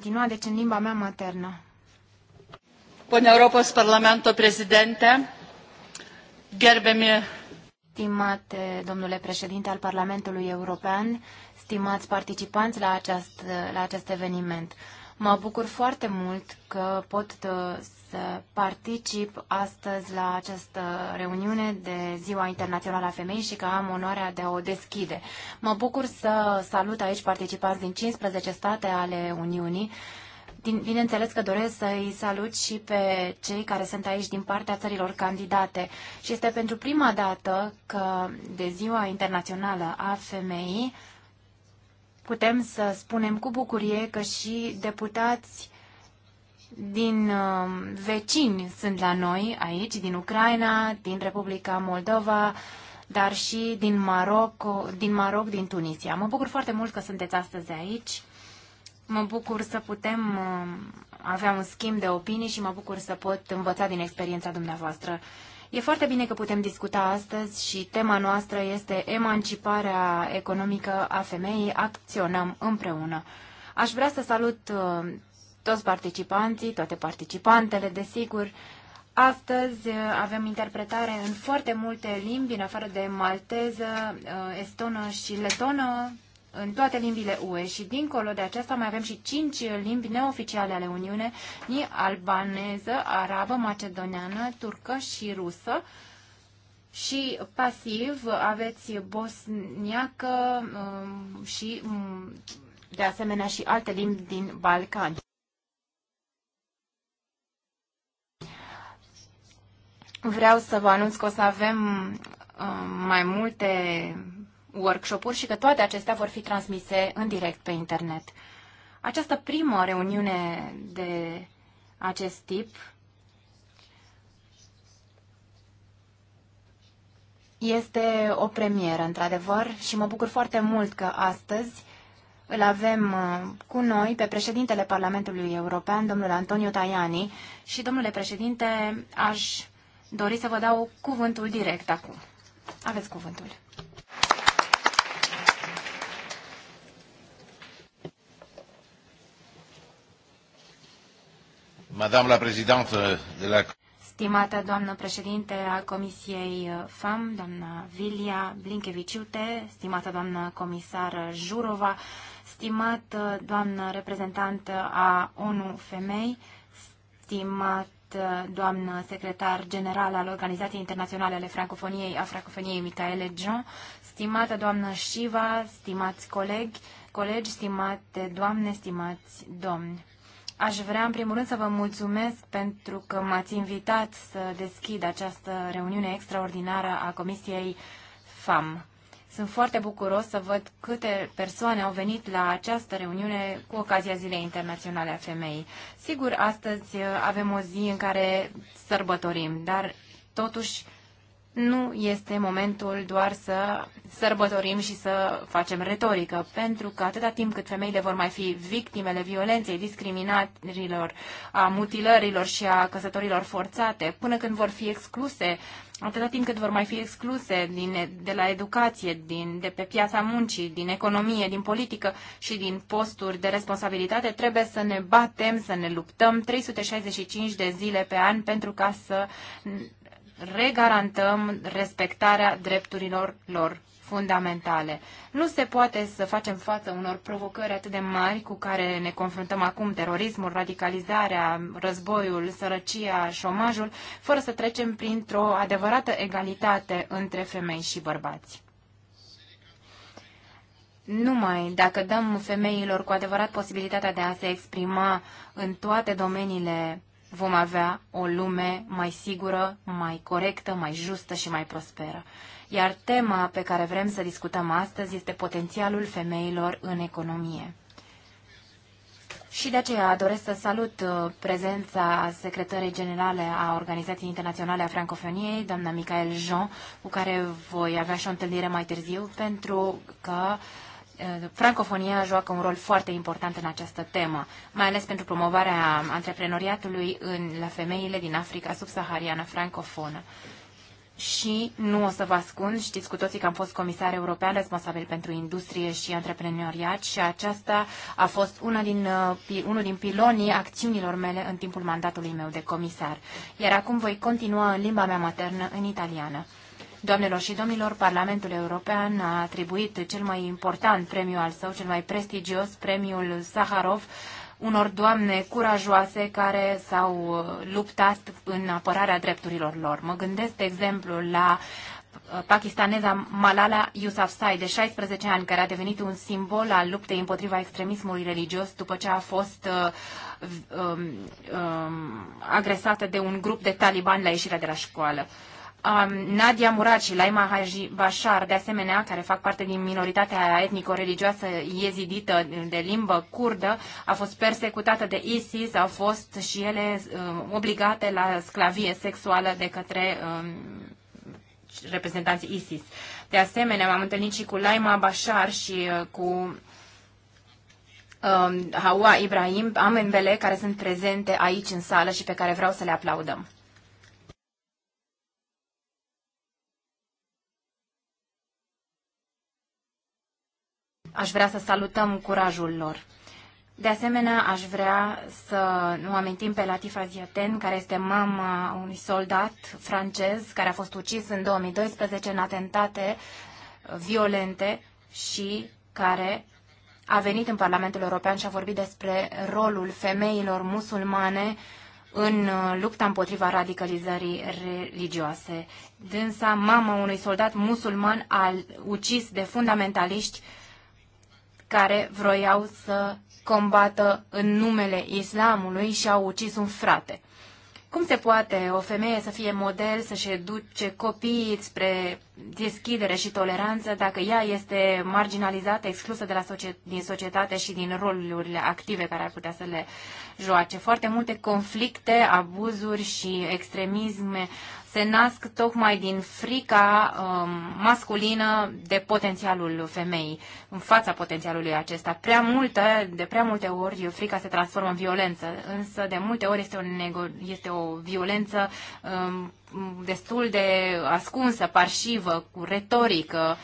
continua, deci în limba mea maternă. Până Europos Parlamento Prezidente, gerbemi... Stimate domnule președinte al Parlamentului European, stimați participanți la acest, la acest eveniment, mă bucur foarte mult că pot uh, să particip astăzi la această reuniune de Ziua Internațională a Femeii și că am onoarea de a o deschide. Mă bucur să salut aici participanți din 15 state ale Uniunii. Din, bineînțeles că doresc să îi salut și pe cei care sunt aici din partea țărilor candidate. Și este pentru prima dată că de Ziua Internațională a Femeii putem să spunem cu bucurie că și deputați din uh, vecini sunt la noi aici, din Ucraina, din Republica Moldova, dar și din Maroc, din Maroc, din Tunisia. Mă bucur foarte mult că sunteți astăzi aici. Mă bucur să putem um, avea un schimb de opinii și mă bucur să pot învăța din experiența dumneavoastră. E foarte bine că putem discuta astăzi și tema noastră este emanciparea economică a femeii, acționăm împreună. Aș vrea să salut um, toți participanții, toate participantele, desigur. Astăzi uh, avem interpretare în foarte multe limbi, în afară de malteză, uh, estonă și letonă, în toate limbile UE și dincolo de aceasta mai avem și cinci limbi neoficiale ale Uniune, albaneză, arabă, macedoneană, turcă și rusă. Și pasiv aveți bosniacă um, și um, de asemenea și alte limbi din Balcani. Vreau să vă anunț că o să avem uh, mai multe workshop-uri și că toate acestea vor fi transmise în direct pe internet. Această primă reuniune de acest tip este o premieră, într-adevăr, și mă bucur foarte mult că astăzi îl avem uh, cu noi pe președintele Parlamentului European, domnul Antonio Tajani. Și, domnule președinte, aș dori să vă dau cuvântul direct acum. Aveți cuvântul. Madame la Présidente de la... Stimată doamnă președinte a Comisiei FAM, doamna Vilia Blinkeviciute, stimată doamnă comisar Jurova, stimată doamnă reprezentantă a ONU Femei, stimat Uh, doamnă secretar general al Organizației Internaționale ale Francofoniei, a Francofoniei Micaele Jean, stimată doamnă Shiva, stimați colegi, colegi, stimate doamne, stimați domni. Aș vrea în primul rând să vă mulțumesc pentru că m-ați invitat să deschid această reuniune extraordinară a Comisiei FAM. Sunt foarte bucuros să văd câte persoane au venit la această reuniune cu ocazia Zilei Internaționale a Femeii. Sigur, astăzi avem o zi în care sărbătorim, dar totuși nu este momentul doar să sărbătorim și să facem retorică, pentru că atâta timp cât femeile vor mai fi victimele violenței, discriminărilor, a mutilărilor și a căsătorilor forțate, până când vor fi excluse, atâta timp cât vor mai fi excluse din, de la educație, din, de pe piața muncii, din economie, din politică și din posturi de responsabilitate, trebuie să ne batem, să ne luptăm 365 de zile pe an pentru ca să regarantăm respectarea drepturilor lor fundamentale. Nu se poate să facem față unor provocări atât de mari cu care ne confruntăm acum, terorismul, radicalizarea, războiul, sărăcia, șomajul, fără să trecem printr-o adevărată egalitate între femei și bărbați. Numai dacă dăm femeilor cu adevărat posibilitatea de a se exprima în toate domeniile vom avea o lume mai sigură, mai corectă, mai justă și mai prosperă. Iar tema pe care vrem să discutăm astăzi este potențialul femeilor în economie. Și de aceea doresc să salut uh, prezența secretării generale a Organizației Internaționale a Francofoniei, doamna Michael Jean, cu care voi avea și o întâlnire mai târziu, pentru că uh, Eh, francofonia joacă un rol foarte important în această temă, mai ales pentru promovarea antreprenoriatului în, la femeile din Africa subsahariană francofonă. Și nu o să vă ascund, știți cu toții că am fost comisar european responsabil pentru industrie și antreprenoriat și aceasta a fost una din, eh, unul din pilonii acțiunilor mele în timpul mandatului meu de comisar. Iar acum voi continua în limba mea maternă, în italiană. Doamnelor și domnilor, Parlamentul European a atribuit cel mai important premiu al său, cel mai prestigios, premiul Saharov, unor doamne curajoase care s-au uh, luptat în apărarea drepturilor lor. Mă gândesc, de exemplu, la uh, pakistaneza Malala Yousafzai, de 16 ani, care a devenit un simbol al luptei împotriva extremismului religios după ce a fost uh, um, um, agresată de un grup de talibani la ieșirea de la școală um, Nadia Murad și Laima Haji Bashar, de asemenea, care fac parte din minoritatea etnico-religioasă iezidită de limbă curdă, a fost persecutată de ISIS, au fost și ele um, obligate la sclavie sexuală de către um, reprezentanții ISIS. De asemenea, m-am întâlnit și cu Laima Bashar și uh, cu um, Hawa Ibrahim, ambele care sunt prezente aici în sală și pe care vreau să le aplaudăm. aș vrea să salutăm curajul lor. De asemenea, aș vrea să nu amintim pe Latifa Ziaten, care este mama unui soldat francez care a fost ucis în 2012 în atentate violente și care a venit în Parlamentul European și a vorbit despre rolul femeilor musulmane în lupta împotriva radicalizării religioase. Dânsa, mama unui soldat musulman al ucis de fundamentaliști care vroiau să combată în numele islamului și au ucis un frate. Cum se poate o femeie să fie model, să-și educe copiii spre deschidere și toleranță dacă ea este marginalizată, exclusă de la socie- din societate și din rolurile active care ar putea să le joace? Foarte multe conflicte, abuzuri și extremisme se nasc tocmai din frica um, masculină de potențialul femeii, în fața potențialului acesta. Prea multe, de prea multe ori, frica se transformă în violență, însă de multe ori este o, nego- este o violență um, destul de ascunsă, parșivă, cu retorică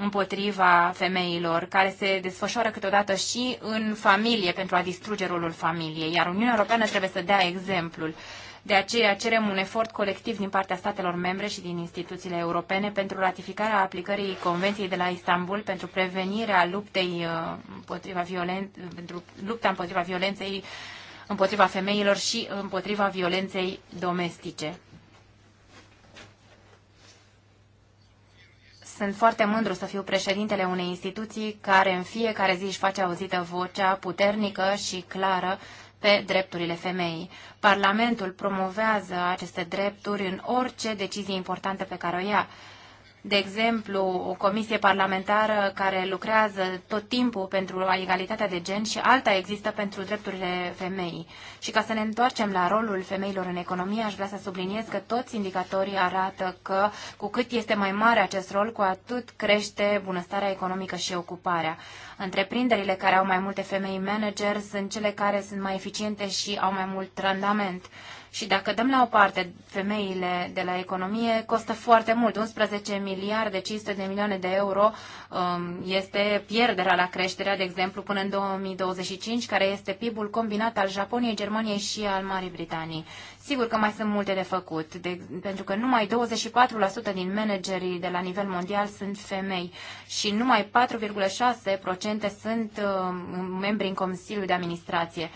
împotriva femeilor, care se desfășoară câteodată și în familie pentru a distruge rolul familiei, iar Uniunea Europeană trebuie să dea exemplul. Uh, de aceea cerem un efort colectiv din partea statelor membre și din instituțiile europene pentru ratificarea aplicării Convenției de la Istanbul pentru prevenirea luptei uh, împotriva violen... pentru lupta împotriva violenței împotriva femeilor și împotriva violenței domestice. Sunt foarte mândru să fiu președintele unei instituții care în fiecare zi își face auzită vocea puternică și clară pe drepturile femeii. Parlamentul promovează aceste drepturi în orice decizie importantă pe care o ia de exemplu, o comisie parlamentară care lucrează tot timpul pentru egalitatea de gen și alta există pentru drepturile femeii. Și ca să ne întoarcem la rolul femeilor în economie, aș vrea să subliniez că toți indicatorii arată că cu cât este mai mare acest rol, cu atât crește bunăstarea economică și ocuparea. Întreprinderile care au mai multe femei manager sunt cele care sunt mai eficiente și au mai mult randament. Și dacă dăm la o parte femeile de la economie, costă foarte mult. 11 miliarde, 500 de milioane de euro um, este pierderea la creșterea, de exemplu, până în 2025, care este PIB-ul combinat al Japoniei, Germaniei și al Marii Britanii. Sigur că mai sunt multe de făcut, de, pentru că numai 24% din managerii de la nivel mondial sunt femei și numai 4,6% sunt uh, membri în Consiliul de Administrație.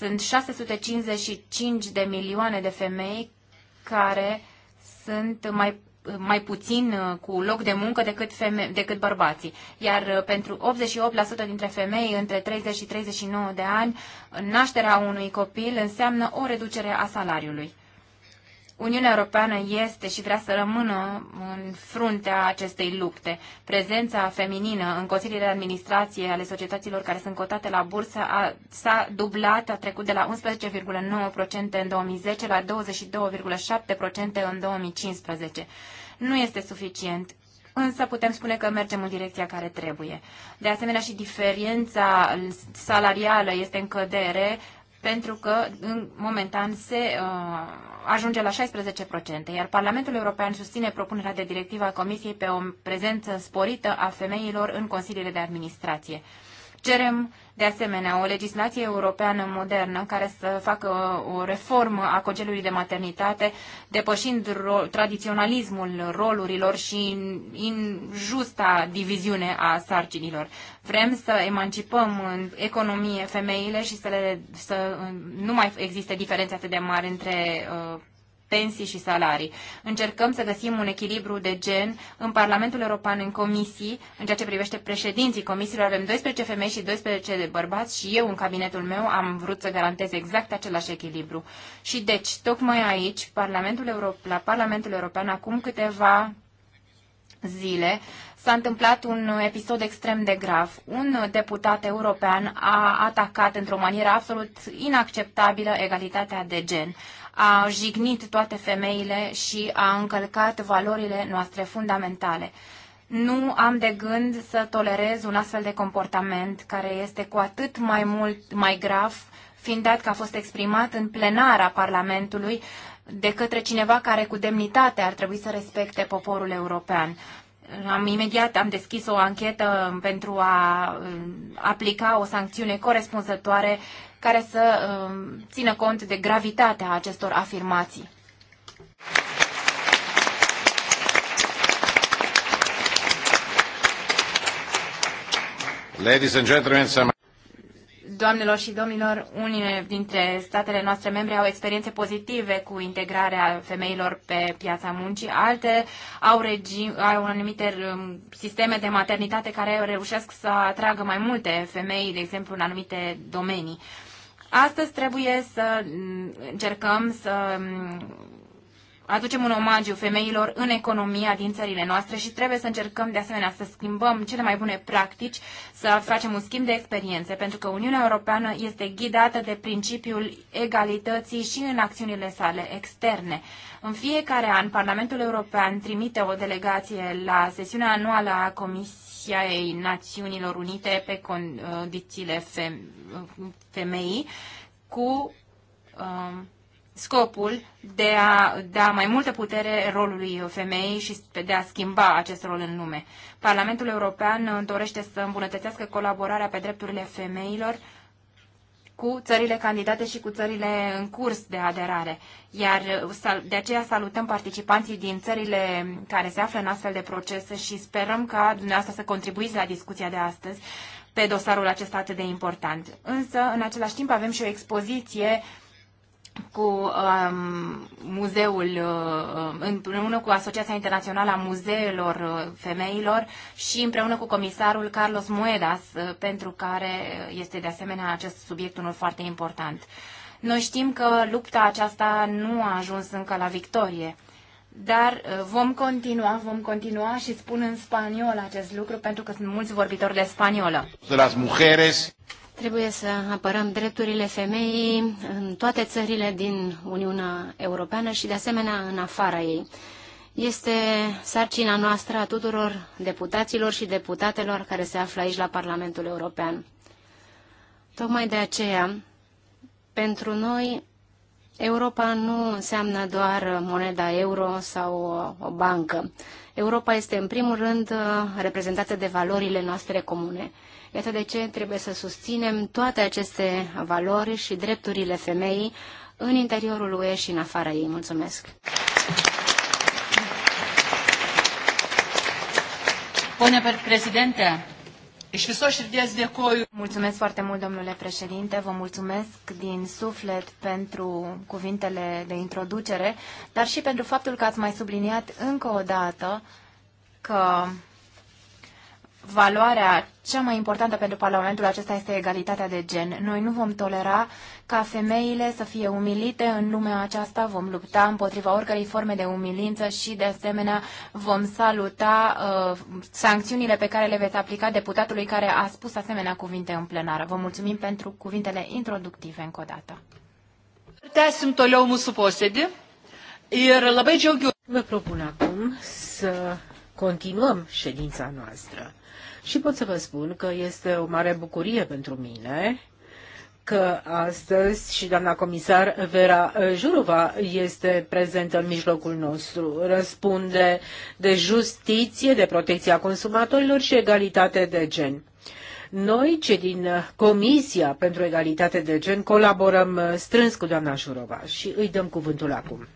Sunt 655 de milioane de femei care sunt mai, mai puțin uh, cu loc de muncă decât, feme- decât bărbații. Iar uh, pentru 88% dintre femei între 30 și 39 de ani, nașterea unui copil înseamnă o reducere a salariului. Uniunea Europeană este și vrea să rămână în fruntea acestei lupte. Prezența feminină în consiliile de administrație ale societăților care sunt cotate la bursă a, s-a dublat, a trecut de la 11,9% în 2010 la 22,7% în 2015. Nu este suficient însă putem spune că mergem în direcția care trebuie. De asemenea și diferența salarială este în cădere pentru că în, momentan se uh, ajunge la 16%, iar Parlamentul European susține propunerea de directivă a Comisiei pe o prezență sporită a femeilor în consiliile de administrație. Cerem de asemenea, o legislație europeană modernă care să facă o reformă a congelului de maternitate, depășind ro- tradiționalismul rolurilor și injusta diviziune a sarcinilor. Vrem să emancipăm în economie femeile și să, le, să nu mai existe diferențe atât de mari între uh, pensii și salarii. Încercăm să găsim un echilibru de gen în Parlamentul European, în comisii, în ceea ce privește președinții comisiilor. Avem 12 femei și 12 de bărbați și eu în cabinetul meu am vrut să garantez exact același echilibru. Și deci, tocmai aici, Parlamentul la Parlamentul European, acum câteva zile, s-a întâmplat un episod extrem de grav. Un deputat european a atacat într-o manieră absolut inacceptabilă egalitatea de gen a jignit toate femeile și a încălcat valorile noastre fundamentale. Nu am de gând să tolerez un astfel de comportament care este cu atât mai mult mai grav, fiind dat că a fost exprimat în plenara Parlamentului de către cineva care cu demnitate ar trebui să respecte poporul european. Am, imediat am deschis o anchetă pentru a um, aplica o sancțiune corespunzătoare care să um, țină cont de gravitatea acestor afirmații. Ladies and gentlemen, Doamnelor și domnilor, unele dintre statele noastre membre au experiențe pozitive cu integrarea femeilor pe piața muncii, alte au, regim, au anumite um, sisteme de maternitate care reușesc să atragă mai multe femei, de exemplu, în anumite domenii. Astăzi trebuie să mm, încercăm să mm, aducem un omagiu femeilor în economia din țările noastre și trebuie să încercăm de asemenea să schimbăm cele mai bune practici, să facem un schimb de experiențe, pentru că Uniunea Europeană este ghidată de principiul egalității și în acțiunile sale externe. În fiecare an, Parlamentul European trimite o delegație la sesiunea anuală a Comisiei Comisiei Națiunilor Unite pe condițiile femeii cu um, scopul de a da mai multă putere rolului femeii și de a schimba acest rol în lume. Parlamentul European uh, dorește să îmbunătățească colaborarea pe drepturile femeilor cu țările candidate și cu țările în curs de aderare. Iar uh, de aceea salutăm participanții din țările care se află în astfel de procese și sperăm ca dumneavoastră să contribuiți la discuția de astăzi pe dosarul acesta atât de important. Însă, în același timp, avem și o expoziție uh, cu um, muzeul, uh, împreună cu Asociația Internațională a Muzeelor uh, Femeilor și împreună cu comisarul Carlos Moedas, uh, pentru care este de asemenea acest subiect unul foarte important. Noi știm că lupta aceasta nu a ajuns încă la victorie, dar uh, vom continua, vom continua și spun în spaniol acest lucru pentru că sunt mulți vorbitori de spaniolă. De las mujeres. Trebuie să apărăm drepturile femeii în toate țările din Uniunea Europeană și, de asemenea, în afara ei. Este sarcina noastră a tuturor deputaților și deputatelor care se află aici la Parlamentul European. Tocmai de aceea, pentru noi, Europa nu înseamnă doar moneda euro sau o, o bancă. Europa este, în primul rând, reprezentată de valorile noastre comune. Iată de ce trebuie să susținem toate aceste valori și drepturile femeii în interiorul UE și în afara ei. Mulțumesc! președinte, Mulțumesc foarte mult, domnule președinte. Vă mulțumesc din suflet pentru cuvintele de introducere, dar și pentru faptul că ați mai subliniat încă o dată că valoarea cea mai importantă pentru Parlamentul acesta este egalitatea de gen. Noi nu vom tolera ca femeile să fie umilite în lumea aceasta, vom lupta împotriva oricărei forme de umilință și, de asemenea, vom saluta uh, sancțiunile pe care le veți aplica deputatului care a spus asemenea cuvinte în plenară. Vă mulțumim pentru cuvintele introductive încă o dată. Vă propun acum să continuăm ședința noastră. Și pot să vă spun că este o mare bucurie pentru mine că astăzi și doamna comisar Vera Jurova este prezentă în mijlocul nostru. Răspunde de justiție, de protecția consumatorilor și egalitate de gen. Noi, cei din Comisia pentru Egalitate de Gen, colaborăm strâns cu doamna Jurova și îi dăm cuvântul acum.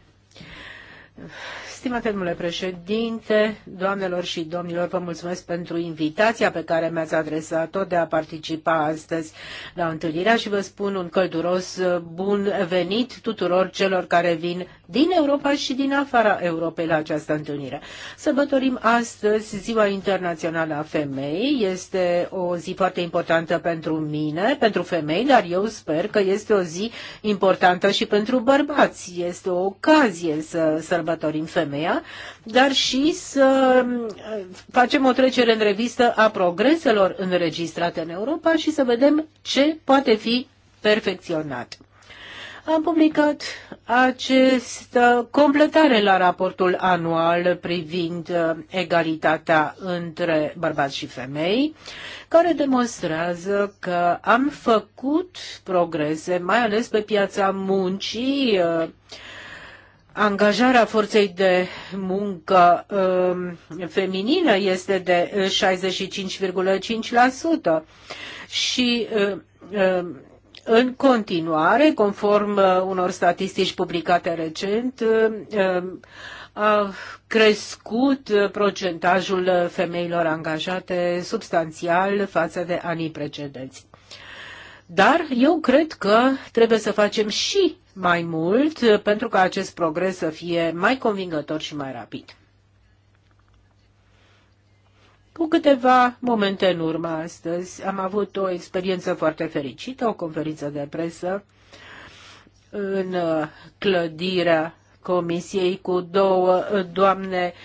Stimate domnule președinte, doamnelor și domnilor, vă mulțumesc pentru invitația pe care mi-ați adresat-o de a participa astăzi la întâlnirea și vă spun un călduros uh, bun venit tuturor celor care vin din Europa și din afara Europei la această întâlnire. Sărbătorim astăzi Ziua Internațională a Femeii. Este o zi foarte importantă pentru mine, pentru femei, dar eu sper că este o zi importantă și pentru bărbați. Este o ocazie să sărbătorim femei femeia, dar și să uh, facem o trecere în revistă a progreselor înregistrate în Europa și să vedem ce poate fi perfecționat. Am publicat această completare la raportul anual privind uh, egalitatea între bărbați și femei, care demonstrează că am făcut progrese, mai ales pe piața muncii, uh, Angajarea forței de muncă um, feminină este de 65,5% uh, și uh, um, în continuare, conform uh, unor statistici publicate recent, um, a crescut procentajul femeilor angajate substanțial față de anii precedenți. Dar eu cred că trebuie să facem și mai mult uh, pentru ca acest progres să fie mai convingător și mai rapid. Cu câteva momente în urmă astăzi am avut o experiență foarte fericită, o conferință de presă în uh, clădirea comisiei cu două uh, doamne uh,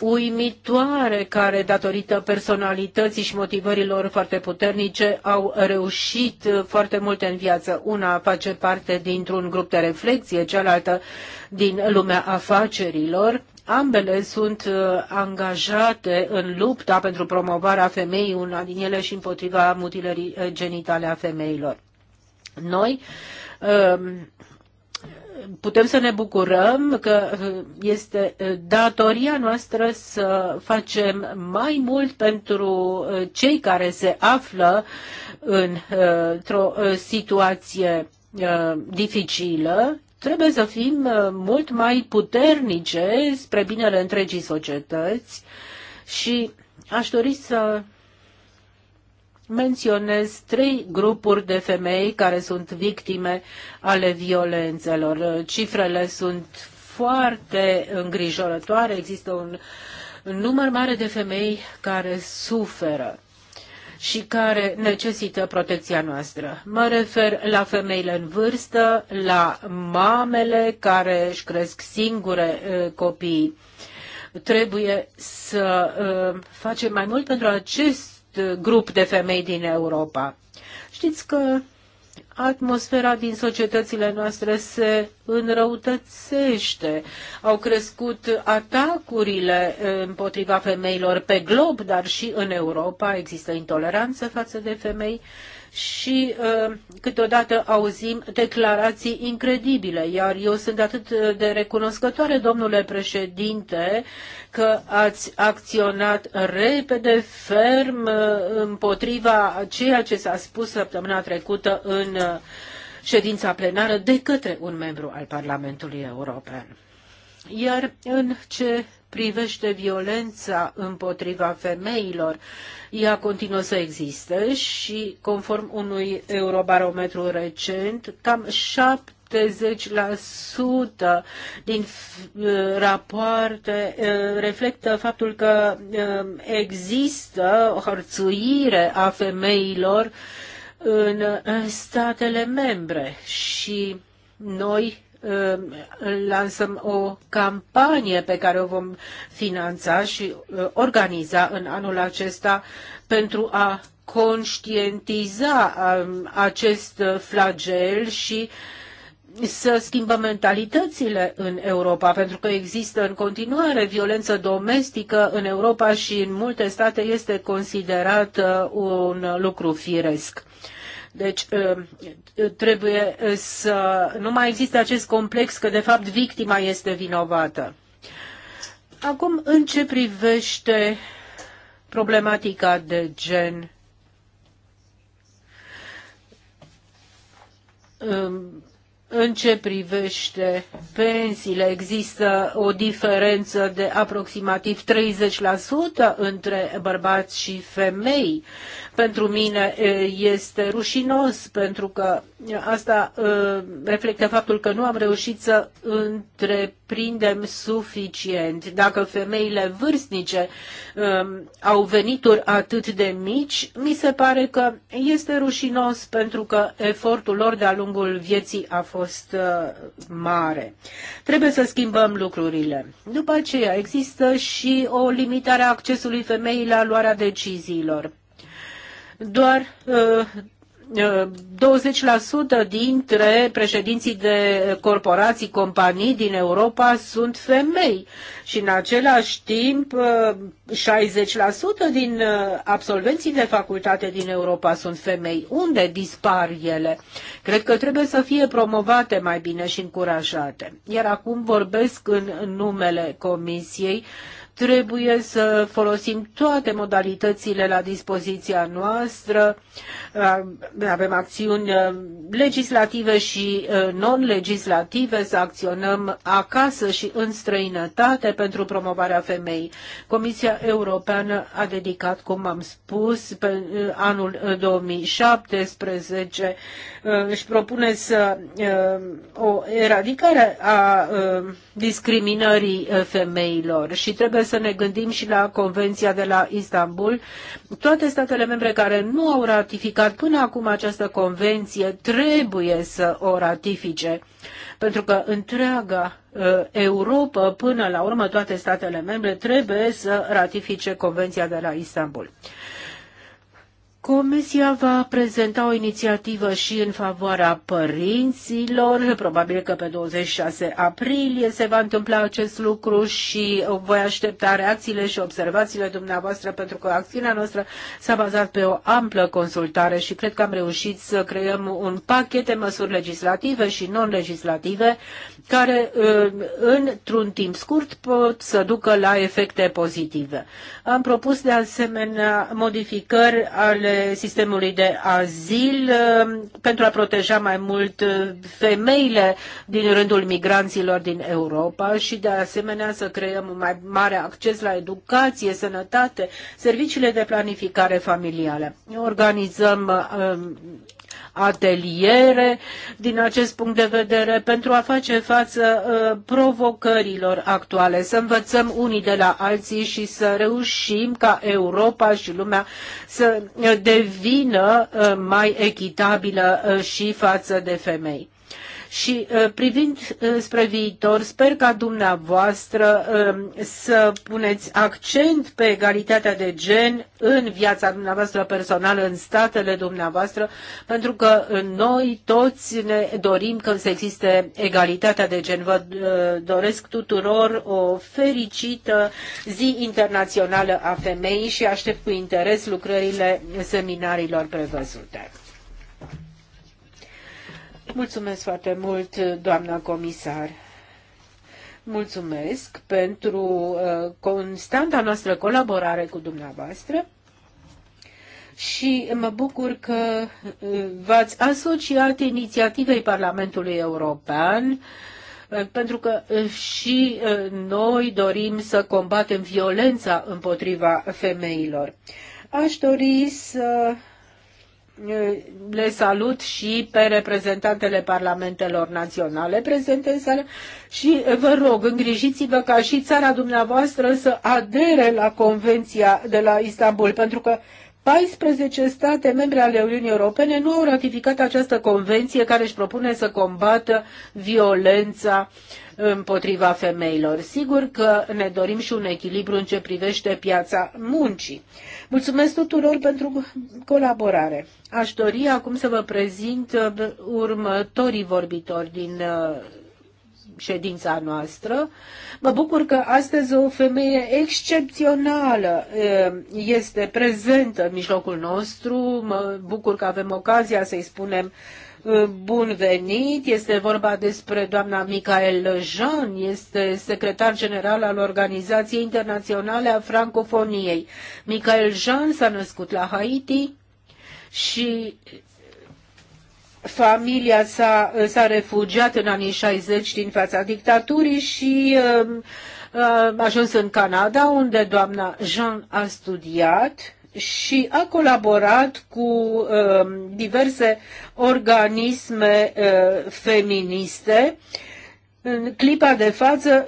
uimitoare care, datorită personalității și motivărilor foarte puternice, au reușit foarte multe în viață. Una face parte dintr-un grup de reflexie, cealaltă din lumea afacerilor. Ambele sunt uh, angajate în lupta pentru promovarea femeii, una din ele și împotriva mutilării uh, genitale a femeilor. Noi uh, putem să ne bucurăm că uh, este uh, datoria noastră să facem mai mult pentru uh, cei care se află într-o situație dificilă. Trebuie să fim mult mai puternice spre binele întregii societăți și aș dori să menționez trei grupuri de femei care sunt victime ale violențelor. Cifrele sunt foarte îngrijorătoare. Există un număr mare de femei care suferă și care necesită protecția noastră. Mă refer la femeile în vârstă, la mamele care își cresc singure uh, copii. Trebuie să uh, facem mai mult pentru acest grup de femei din Europa. Știți că atmosfera din societățile noastre se înrăutățește. Au crescut atacurile eh, împotriva femeilor pe glob, dar și în Europa există intoleranță față de femei și uh, câteodată auzim declarații incredibile, iar eu sunt atât de recunoscătoare, domnule președinte, că ați acționat repede, ferm, uh, împotriva ceea ce s-a spus săptămâna trecută în uh, ședința plenară de către un membru al Parlamentului European. Iar în ce privește violența împotriva femeilor, ea continuă să existe și, conform unui eurobarometru recent, cam 7 70% din uh, rapoarte uh, reflectă faptul că uh, există o hărțuire a femeilor în statele membre și noi lansăm o campanie pe care o vom finanța și uh, organiza în anul acesta pentru a conștientiza um, acest flagel și să schimbăm mentalitățile în Europa, pentru că există în continuare violență domestică în Europa și în multe state este considerat uh, un lucru firesc. Deci ă, trebuie ă, să nu mai există acest complex că de fapt victima este vinovată. Acum, în ce privește problematica de gen, um, în ce privește pensiile, există o diferență de aproximativ 30% între bărbați și femei. Pentru mine este rușinos, pentru că asta reflectă faptul că nu am reușit să întreprindem prindem suficient. Dacă femeile vârstnice um, au venituri atât de mici, mi se pare că este rușinos pentru că efortul lor de-a lungul vieții a fost uh, mare. Trebuie să schimbăm lucrurile. După aceea există și o limitare a accesului femeii la luarea deciziilor doar uh, 20% dintre președinții de corporații, companii din Europa sunt femei și în același timp 60% din uh, absolvenții de facultate din Europa sunt femei. Unde dispar ele? Cred că trebuie să fie promovate mai bine și încurajate. Iar acum vorbesc în numele Comisiei Trebuie să folosim toate modalitățile la dispoziția noastră. Avem acțiuni uh, legislative și uh, non-legislative, să acționăm acasă și în străinătate pentru promovarea femeii. Comisia Europeană a dedicat, cum am spus, pe uh, anul 2017 își propune să o eradicare a discriminării femeilor și trebuie trebuie să ne gândim și la Convenția de la Istanbul. Toate statele membre care nu au ratificat până acum această convenție trebuie să o ratifice, pentru că întreaga uh, Europa, până la urmă toate statele membre trebuie să ratifice Convenția de la Istanbul. Comisia va prezenta o inițiativă și în favoarea părinților. Probabil că pe 26 aprilie se va întâmpla acest lucru și voi aștepta reacțiile și observațiile dumneavoastră pentru că acțiunea noastră s-a bazat pe o amplă consultare și cred că am reușit să creăm un pachet de măsuri legislative și non-legislative care uh, într-un timp scurt pot să ducă la efecte pozitive. Am propus de asemenea modificări ale sistemului de azil uh, pentru a proteja mai mult uh, femeile din rândul migranților din Europa și de asemenea să creăm un mai mare acces la educație, sănătate, serviciile de planificare familială. Organizăm uh, ateliere din acest punct de vedere pentru a face față uh, provocărilor actuale, să învățăm unii de la alții și să reușim ca Europa și lumea să uh, devină uh, mai echitabilă și față de femei. Și uh, privind uh, spre viitor, sper ca dumneavoastră um, să puneți accent pe egalitatea de gen în viața dumneavoastră personală, în statele dumneavoastră, pentru că uh, noi toți ne dorim că să existe egalitatea de gen. Vă doresc tuturor o fericită zi internațională a femeii și aștept cu interes lucrările seminarilor prevăzute. Mulțumesc foarte mult, doamna comisar. Mulțumesc pentru uh, constanta noastră colaborare cu dumneavoastră și mă bucur că uh, v-ați asociat inițiativei Parlamentului European uh, pentru că și noi dorim să combatem violența împotriva femeilor. Aș dori să Eh, le salut și pe reprezentantele parlamentelor naționale prezente în sală și eh, vă rog, îngrijiți-vă ca și țara dumneavoastră să adere la Convenția de la Istanbul, pentru că 14 state membre ale Uniunii Europene nu au ratificat această convenție care își propune să combată violența împotriva femeilor. Sigur că ne dorim și un echilibru în ce privește piața muncii. Mulțumesc tuturor pentru colaborare. Aș dori acum să vă prezint următorii vorbitori din ședința noastră. Mă bucur că astăzi o femeie excepțională este prezentă în mijlocul nostru. Mă bucur că avem ocazia să-i spunem bun venit. Este vorba despre doamna Micael Jean, este secretar general al Organizației Internaționale a Francofoniei. Micael Jean s-a născut la Haiti și familia s-a, s-a refugiat în anii 60 din fața dictaturii și um, um, a ajuns în Canada, unde doamna Jean a studiat și a colaborat cu um, diverse organisme uh, feministe. În clipa de față,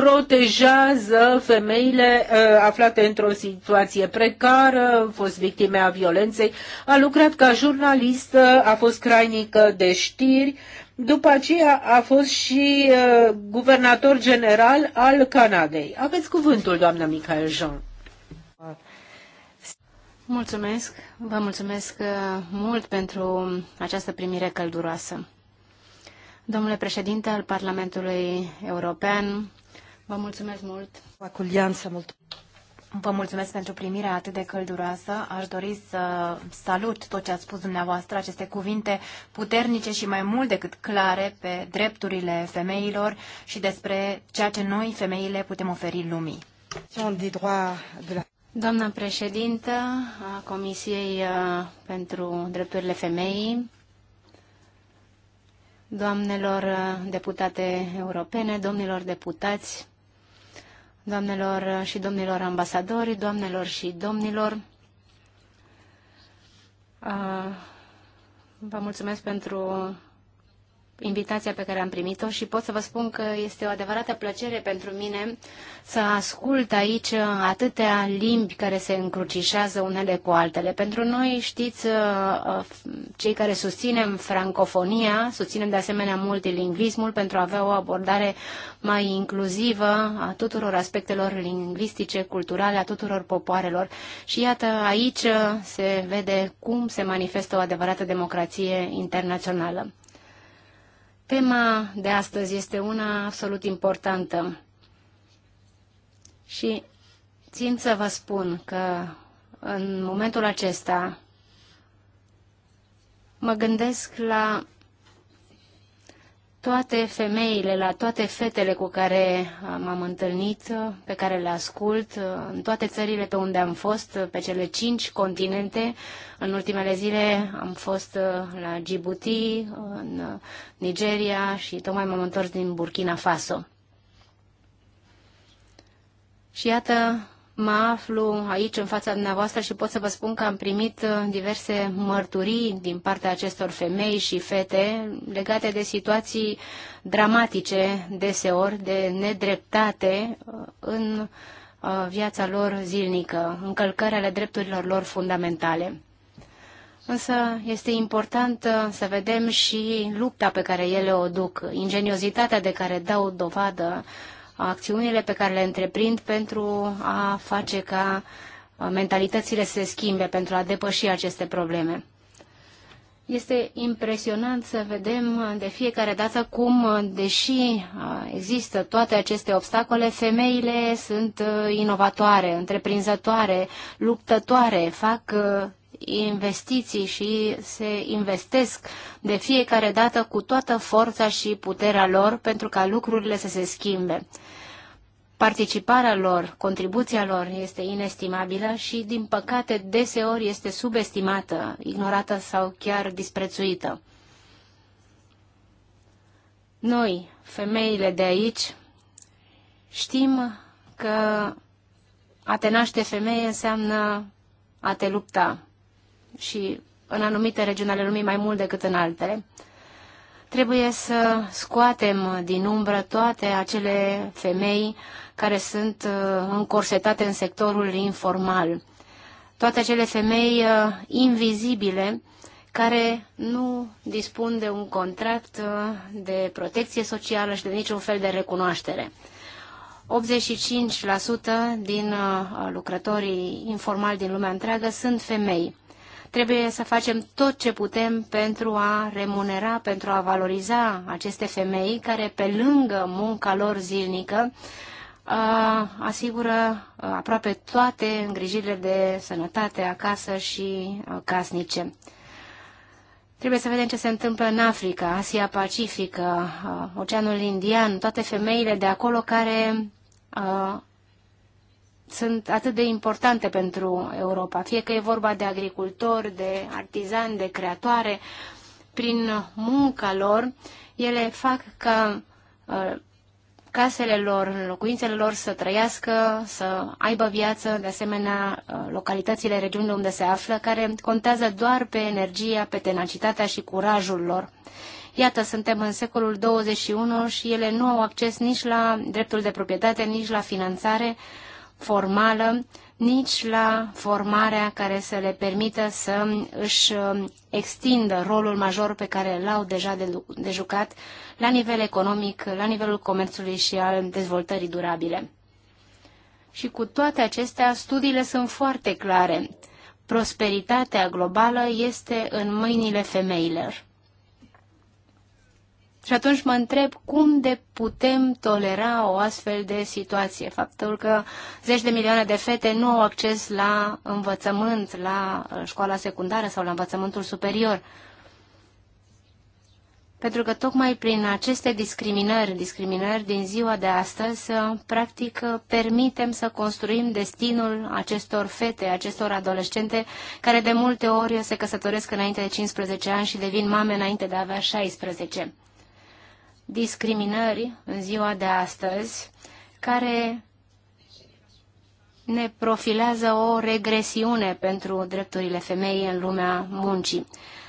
protejează femeile uh, aflate într-o situație precară, fost victime a violenței, a lucrat ca jurnalistă, uh, a fost crainică de știri, după aceea a fost și uh, guvernator general al Canadei. Aveți cuvântul, doamnă Michael Jean. Mulțumesc, vă mulțumesc uh, mult pentru această primire călduroasă. Domnule președinte al Parlamentului European, Vă mulțumesc mult! mult! Vă mulțumesc pentru primirea atât de călduroasă. Aș dori să salut tot ce ați spus dumneavoastră, aceste cuvinte puternice și mai mult decât clare pe drepturile femeilor și despre ceea ce noi, femeile, putem oferi lumii. Doamna președintă a Comisiei uh, pentru Drepturile Femeii, doamnelor uh, deputate europene, domnilor deputați, doamnelor și domnilor ambasadori, doamnelor și domnilor. Uh, vă mulțumesc pentru invitația pe care am primit-o și pot să vă spun că este o adevărată plăcere pentru mine să ascult aici atâtea limbi care se încrucișează unele cu altele. Pentru noi, știți, uh, uh, cei care susținem francofonia, susținem de asemenea multilingvismul pentru a avea o abordare mai inclusivă a tuturor aspectelor lingvistice, culturale, a tuturor popoarelor. Și iată, aici se vede cum se manifestă o adevărată democrație internațională. Tema de astăzi este una absolut importantă și țin să vă spun că în momentul acesta mă gândesc la toate femeile, la toate fetele cu care uh, m-am întâlnit, uh, pe care le ascult, uh, în toate țările pe unde am fost, pe cele cinci continente. În ultimele zile am fost la Djibouti, în Nigeria și tocmai m-am întors din Burkina Faso. Și iată mă aflu aici în fața dumneavoastră și pot să vă spun că am primit uh, diverse mărturii din partea acestor femei și fete legate de situații dramatice deseori, de nedreptate uh, în uh, viața lor zilnică, încălcări ale drepturilor lor fundamentale. Însă este important să vedem și lupta pe care ele o duc, ingeniozitatea de care dau dovadă acțiunile pe care le întreprind pentru a face ca mentalitățile să se schimbe, pentru a depăși aceste probleme. Este impresionant să vedem de fiecare dată cum, deși există toate aceste obstacole, femeile sunt inovatoare, întreprinzătoare, luptătoare, fac investiții și se investesc de fiecare dată cu toată forța și puterea lor pentru ca lucrurile să se schimbe. Participarea lor, contribuția lor este inestimabilă și, din păcate, deseori este subestimată, ignorată sau chiar disprețuită. Noi, femeile de aici, știm că a te naște femeie înseamnă a te lupta și în anumite regiuni ale lumii mai mult decât în altele, trebuie să scoatem din umbră toate acele femei care sunt uh, încorsetate în sectorul informal. Toate acele femei uh, invizibile care nu dispun de un contract uh, de protecție socială și de niciun fel de recunoaștere. 85% din lucrătorii informali din lumea întreagă sunt femei. Trebuie să facem tot ce putem pentru a remunera, pentru a valoriza aceste femei care, pe lângă munca lor zilnică, uh, asigură uh, aproape toate îngrijirile de sănătate acasă și uh, casnice. Trebuie să vedem ce se întâmplă în Africa, Asia Pacifică, Oceanul Indian, toate femeile de acolo care sunt atât de importante pentru Europa, fie că e vorba de agricultori, de artizani, de creatoare, prin munca lor, ele fac ca uh, casele lor, locuințele lor să trăiască, să aibă viață, de asemenea uh, localitățile, regiunile unde se află, care contează doar pe energia, pe tenacitatea și curajul lor. Iată, suntem în secolul 21 și ele nu au acces nici la dreptul de proprietate, nici la finanțare, uh, formală, nici la formarea care să le permită să își uh, extindă rolul major pe care l-au deja de, de jucat la nivel economic, la nivelul comerțului și al dezvoltării durabile. Și cu toate acestea, studiile sunt foarte clare. Prosperitatea globală este în mâinile femeilor. Și atunci mă întreb cum de putem tolera o astfel de situație. Faptul că zeci de milioane de fete nu au acces la învățământ, la uh, școala secundară sau la învățământul superior. Pentru că tocmai prin aceste discriminări, discriminări din ziua de astăzi, uh, practic uh, permitem să construim destinul acestor fete, acestor adolescente, care de multe ori se căsătoresc înainte de 15 ani și devin mame înainte de a avea 16 discriminări în ziua de astăzi care ne profilează o regresiune pentru drepturile femeii în lumea muncii.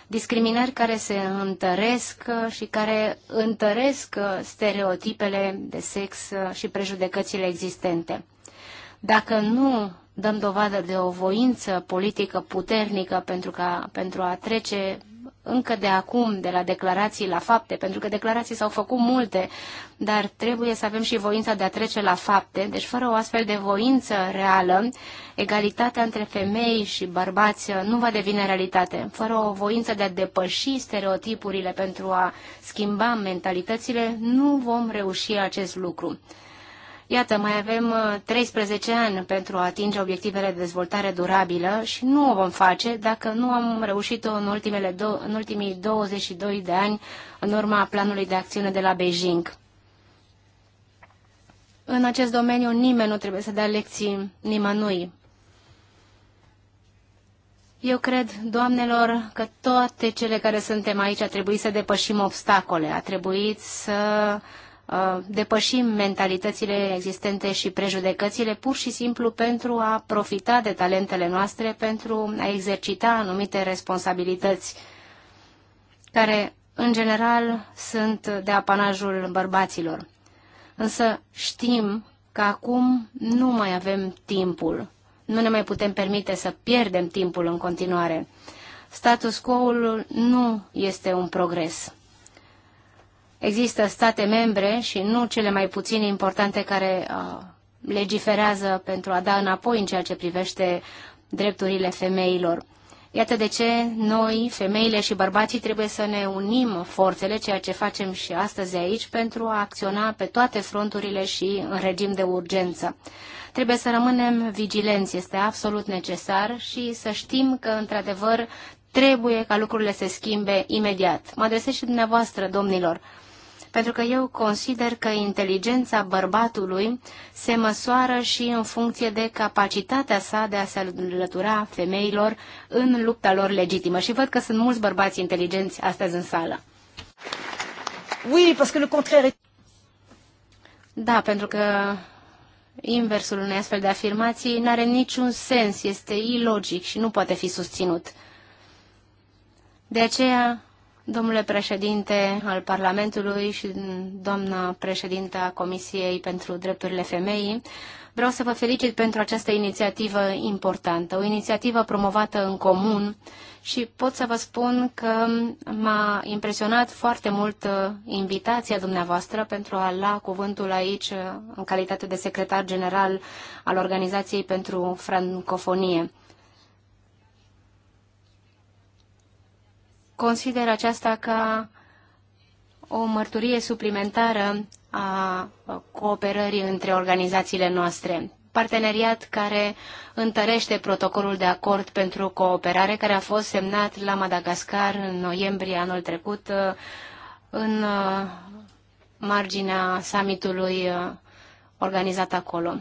Discriminări care se întăresc și care întăresc stereotipele de sex și prejudecățile existente. Dacă nu dăm dovadă de o voință politică puternică pentru, ca, pentru a trece încă de acum, de la declarații la fapte, pentru că declarații s-au făcut multe, dar trebuie să avem și voința de a trece la fapte. Deci, fără o astfel de voință reală, egalitatea între femei și bărbați nu va deveni realitate. Fără o voință de a depăși stereotipurile pentru a schimba mentalitățile, nu vom reuși acest lucru. Iată, mai avem 13 uh, ani pentru a atinge obiectivele de dezvoltare durabilă și nu o vom face dacă nu am reușit-o în, ultimele do- în ultimii 22 de ani în urma planului de acțiune de la Beijing. În acest domeniu nimeni nu trebuie să dea lecții nimănui. Eu cred, doamnelor, că toate cele care suntem aici a trebuit să depășim obstacole, a trebuit să uh, Uh, depășim mentalitățile existente și prejudecățile pur și simplu pentru a profita de talentele noastre, pentru a exercita anumite responsabilități care, în general, sunt de apanajul bărbaților. Însă știm că acum nu mai avem timpul. Nu ne mai putem permite să pierdem timpul în continuare. Status quo-ul nu este un progres. Există state membre și nu cele mai puțin importante care uh, legiferează pentru a da înapoi în ceea ce privește drepturile femeilor. Iată de ce noi, femeile și bărbații, trebuie să ne unim forțele, ceea ce facem și astăzi aici, pentru a acționa pe toate fronturile și în regim de urgență. Trebuie să rămânem vigilenți, este absolut necesar și să știm că, într-adevăr, trebuie ca lucrurile să schimbe imediat. Mă adresez și dumneavoastră, domnilor pentru că eu consider că inteligența bărbatului se măsoară și în funcție de capacitatea sa de a se alătura femeilor în lupta lor legitimă. Și văd că sunt mulți bărbați inteligenți astăzi în sală. Oui, parce que le contraire Da, pentru că inversul unei astfel de afirmații nu are niciun sens, este ilogic și nu poate fi susținut. De aceea Domnule președinte al Parlamentului și doamna a Comisiei pentru Drepturile Femeii, vreau să vă felicit pentru această inițiativă importantă, o inițiativă promovată în comun și pot să vă spun că m-a impresionat foarte mult uh, invitația dumneavoastră pentru a lua cuvântul aici uh, în calitate de secretar general al Organizației pentru Francofonie. consider aceasta ca o mărturie suplimentară a cooperării între organizațiile noastre. Parteneriat care întărește protocolul de acord pentru cooperare care a fost semnat la Madagascar în noiembrie anul trecut uh, în uh, marginea summitului uh, organizat acolo.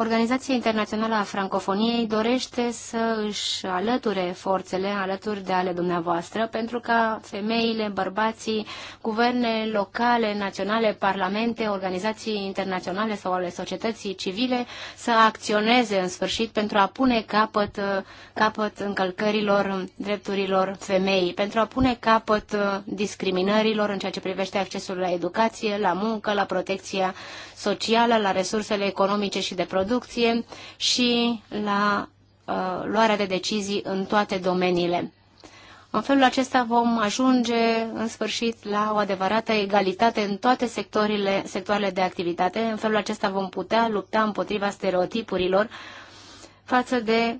Organizația Internațională a Francofoniei dorește să își alăture forțele alături de ale dumneavoastră pentru ca femeile, bărbații, guverne locale, naționale, parlamente, organizații internaționale sau ale societății civile să acționeze în sfârșit pentru a pune capăt, capăt încălcărilor drepturilor femeii, pentru a pune capăt discriminărilor în ceea ce privește accesul la educație, la muncă, la protecția socială, la resursele economice și de producție producție și la uh, luarea de decizii în toate domeniile. În felul acesta vom ajunge în sfârșit la o adevărată egalitate în toate sectorile, sectoarele de activitate. În felul acesta vom putea lupta împotriva stereotipurilor față de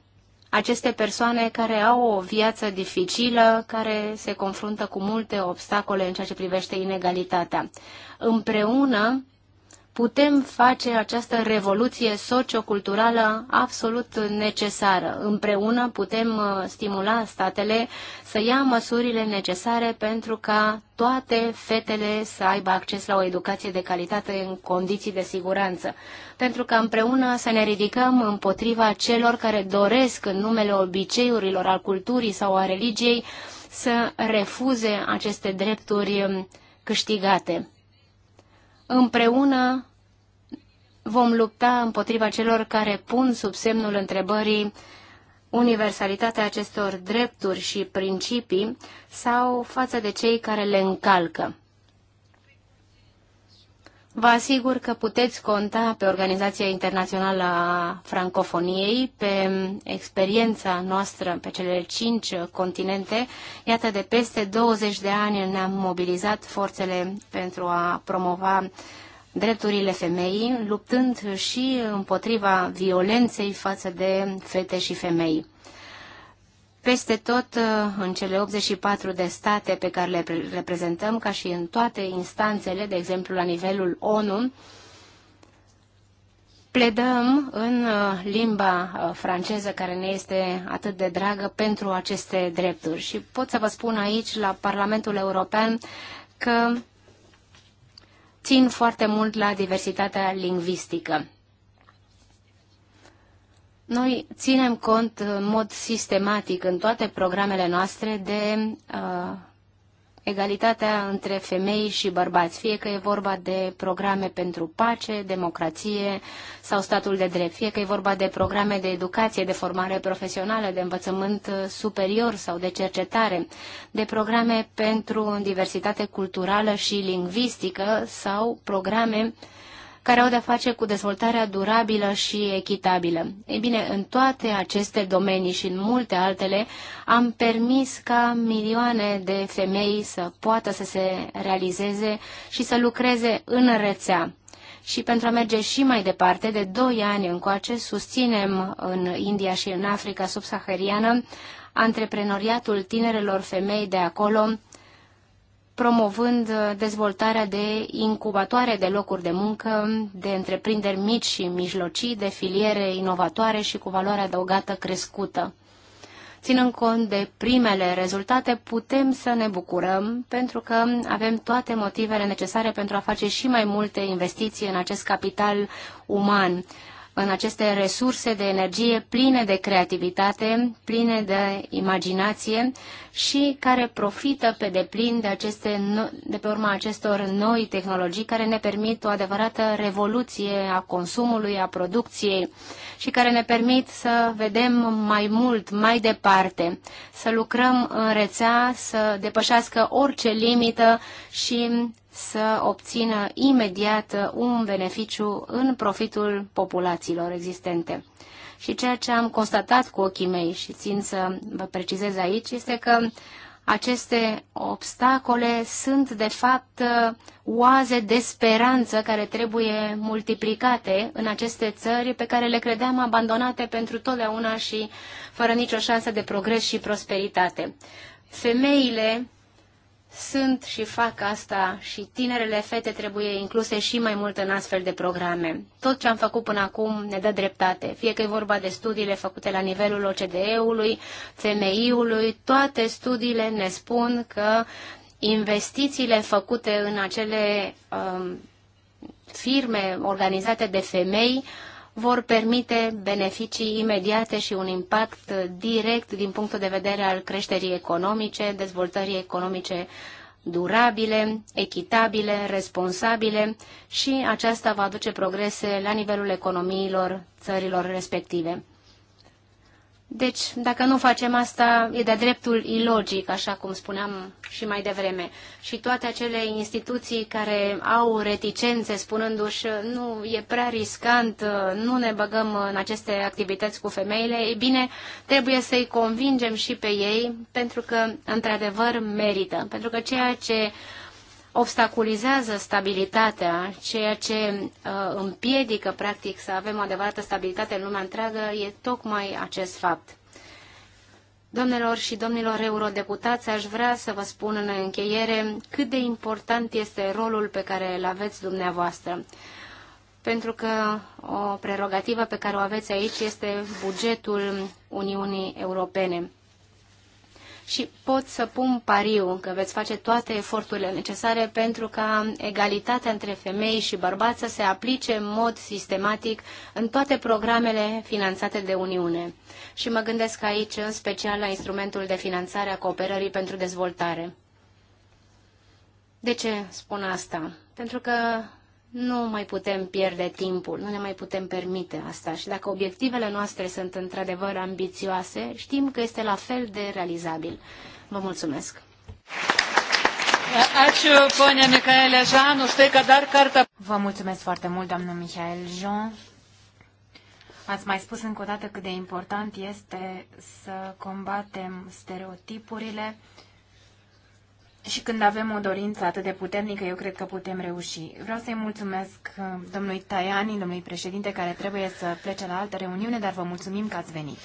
aceste persoane care au o viață dificilă, care se confruntă cu multe obstacole în ceea ce privește inegalitatea. Împreună putem face această revoluție socioculturală absolut necesară. Împreună putem uh, stimula statele să ia măsurile necesare pentru ca toate fetele să aibă acces la o educație de calitate în condiții de siguranță. Pentru ca împreună să ne ridicăm împotriva celor care doresc în numele obiceiurilor, al culturii sau a religiei să refuze aceste drepturi um, câștigate. Împreună vom lupta împotriva celor care pun sub semnul întrebării universalitatea acestor drepturi și principii sau față de cei care le încalcă. Vă asigur că puteți conta pe Organizația Internațională a Francofoniei, pe experiența noastră pe cele cinci continente. Iată, de peste 20 de ani ne-am mobilizat forțele pentru a promova drepturile femeii, luptând și împotriva violenței față de fete și femei. Peste tot, uh, în cele 84 de state pe care le reprezentăm, ca și în toate instanțele, de exemplu la nivelul ONU, pledăm în uh, limba uh, franceză care ne este atât de dragă pentru aceste drepturi. Și pot să vă spun aici, la Parlamentul European, că țin foarte mult la diversitatea lingvistică. Noi ținem cont în mod sistematic în toate programele noastre de uh, egalitatea între femei și bărbați, fie că e vorba de programe pentru pace, democrație sau statul de drept, fie că e vorba de programe de educație, de formare profesională, de învățământ uh, superior sau de cercetare, de programe pentru diversitate culturală și lingvistică sau programe uh, care au de-a face cu dezvoltarea durabilă și echitabilă. Ei bine, în toate aceste domenii și în multe altele am permis ca milioane de femei să poată să se realizeze și să lucreze în rețea. Și pentru a merge și mai departe, de 2 ani încoace, susținem în India și în Africa subsahariană antreprenoriatul tinerelor femei de acolo, promovând uh, dezvoltarea de incubatoare de locuri de muncă, de întreprinderi mici și mijlocii, de filiere inovatoare și cu valoare adăugată crescută. Ținând cont de primele rezultate, putem să ne bucurăm pentru că avem toate motivele necesare pentru a face și mai multe investiții în acest capital uman în aceste resurse de energie pline de creativitate, pline de imaginație și care profită pe deplin de, aceste, de pe urma acestor noi tehnologii care ne permit o adevărată revoluție a consumului, a producției și care ne permit să vedem mai mult, mai departe, să lucrăm în rețea, să depășească orice limită și să obțină imediat un beneficiu în profitul populațiilor existente. Și ceea ce am constatat cu ochii mei și țin să vă precizez aici este că aceste obstacole sunt de fapt oaze de speranță care trebuie multiplicate în aceste țări pe care le credeam abandonate pentru totdeauna și fără nicio șansă de progres și prosperitate. Femeile sunt și fac asta și tinerele fete trebuie incluse și mai mult în astfel de programe. Tot ce am făcut până acum ne dă dreptate, fie că e vorba de studiile făcute la nivelul OCDE-ului, femeiului, toate studiile ne spun că investițiile făcute în acele um, firme organizate de femei uh, vor permite beneficii imediate și un impact direct din punctul de vedere al creșterii economice, dezvoltării economice durabile, echitabile, responsabile și aceasta va aduce progrese la nivelul economiilor țărilor respective. Deci, dacă nu facem asta, e de dreptul ilogic, așa cum spuneam și mai devreme. Și toate acele instituții care au reticențe, spunându-și nu, e prea riscant, nu ne băgăm în aceste activități cu femeile, e bine, trebuie să-i convingem și pe ei, pentru că, într-adevăr, merită. Pentru că ceea ce obstaculizează stabilitatea, ceea ce uh, împiedică, practic, să avem o adevărată stabilitate în lumea întreagă, e tocmai acest fapt. Domnilor și domnilor eurodeputați, aș vrea să vă spun în încheiere cât de important este rolul pe care îl aveți dumneavoastră. Pentru că o prerogativă pe care o aveți aici este bugetul Uniunii Europene și pot să pun pariu că veți face toate eforturile necesare pentru ca egalitatea între femei și bărbați să se aplice în mod sistematic în toate programele finanțate de Uniune. Și mă gândesc aici în special la instrumentul de finanțare a cooperării pentru dezvoltare. De ce spun asta? Pentru că nu mai putem pierde timpul, nu ne mai putem permite asta. Și dacă obiectivele noastre sunt într-adevăr ambițioase, știm că este la fel de realizabil. Vă mulțumesc! Vă mulțumesc foarte mult, doamnă Michael Jean. Ați mai spus încă o dată cât de important este să combatem stereotipurile și când avem o dorință atât de puternică, eu cred că putem reuși. Vreau să-i mulțumesc uh, domnului Taiani, domnului președinte, care trebuie să plece la altă reuniune, dar vă mulțumim că ați venit.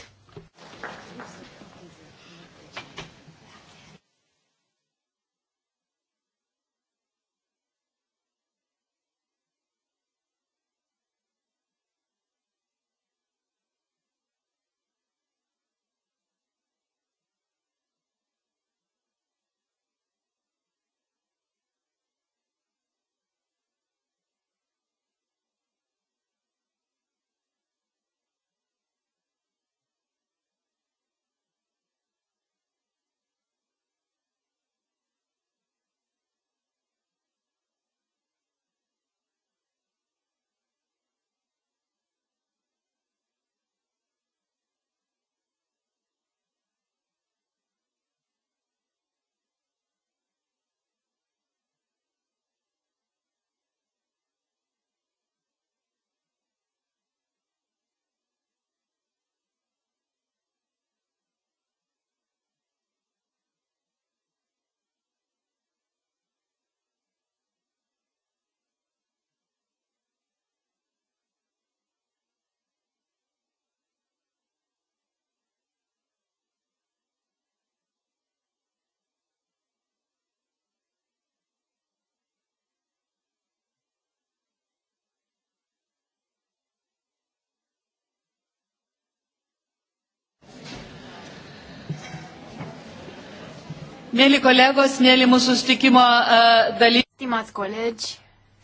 Mėly kolegos, mėly mūsų sustikimo uh, dalyviai. Stimați colegi,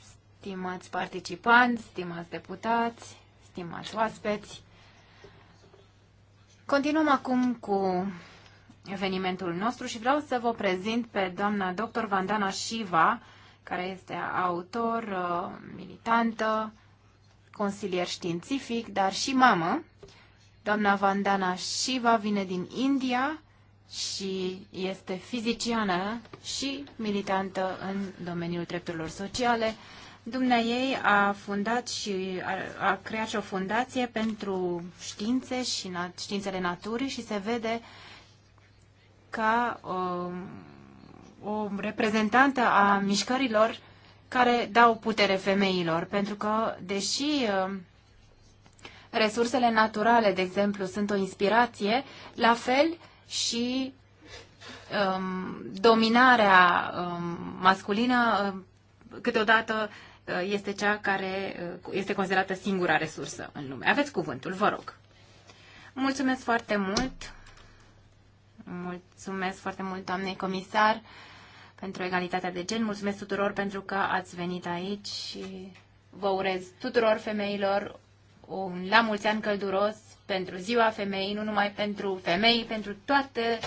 stimați participanți, stimați deputați, stimați oaspeți, continuăm acum cu evenimentul nostru și vreau să vă prezint pe doamna dr. Vandana Shiva, care este autor, militantă, consilier științific, dar și mamă. Doamna Vandana Shiva vine din India și este fiziciană și militantă în domeniul drepturilor sociale. Dumnea ei a fundat și a, a creat și o fundație pentru științe și na, științele naturii și se vede ca o, um, o reprezentantă a mișcărilor care dau putere femeilor, pentru că, deși um, resursele naturale, de exemplu, sunt o inspirație, la fel și um, dominarea um, masculină um, câteodată uh, este cea care uh, este considerată singura resursă în lume. Aveți cuvântul, vă rog. Mulțumesc foarte mult. Mulțumesc foarte mult, doamnei comisar, pentru egalitatea de gen. Mulțumesc tuturor pentru că ați venit aici și vă urez tuturor femeilor un la mulți ani călduros pentru ziua femeii, nu numai pentru femei, pentru toate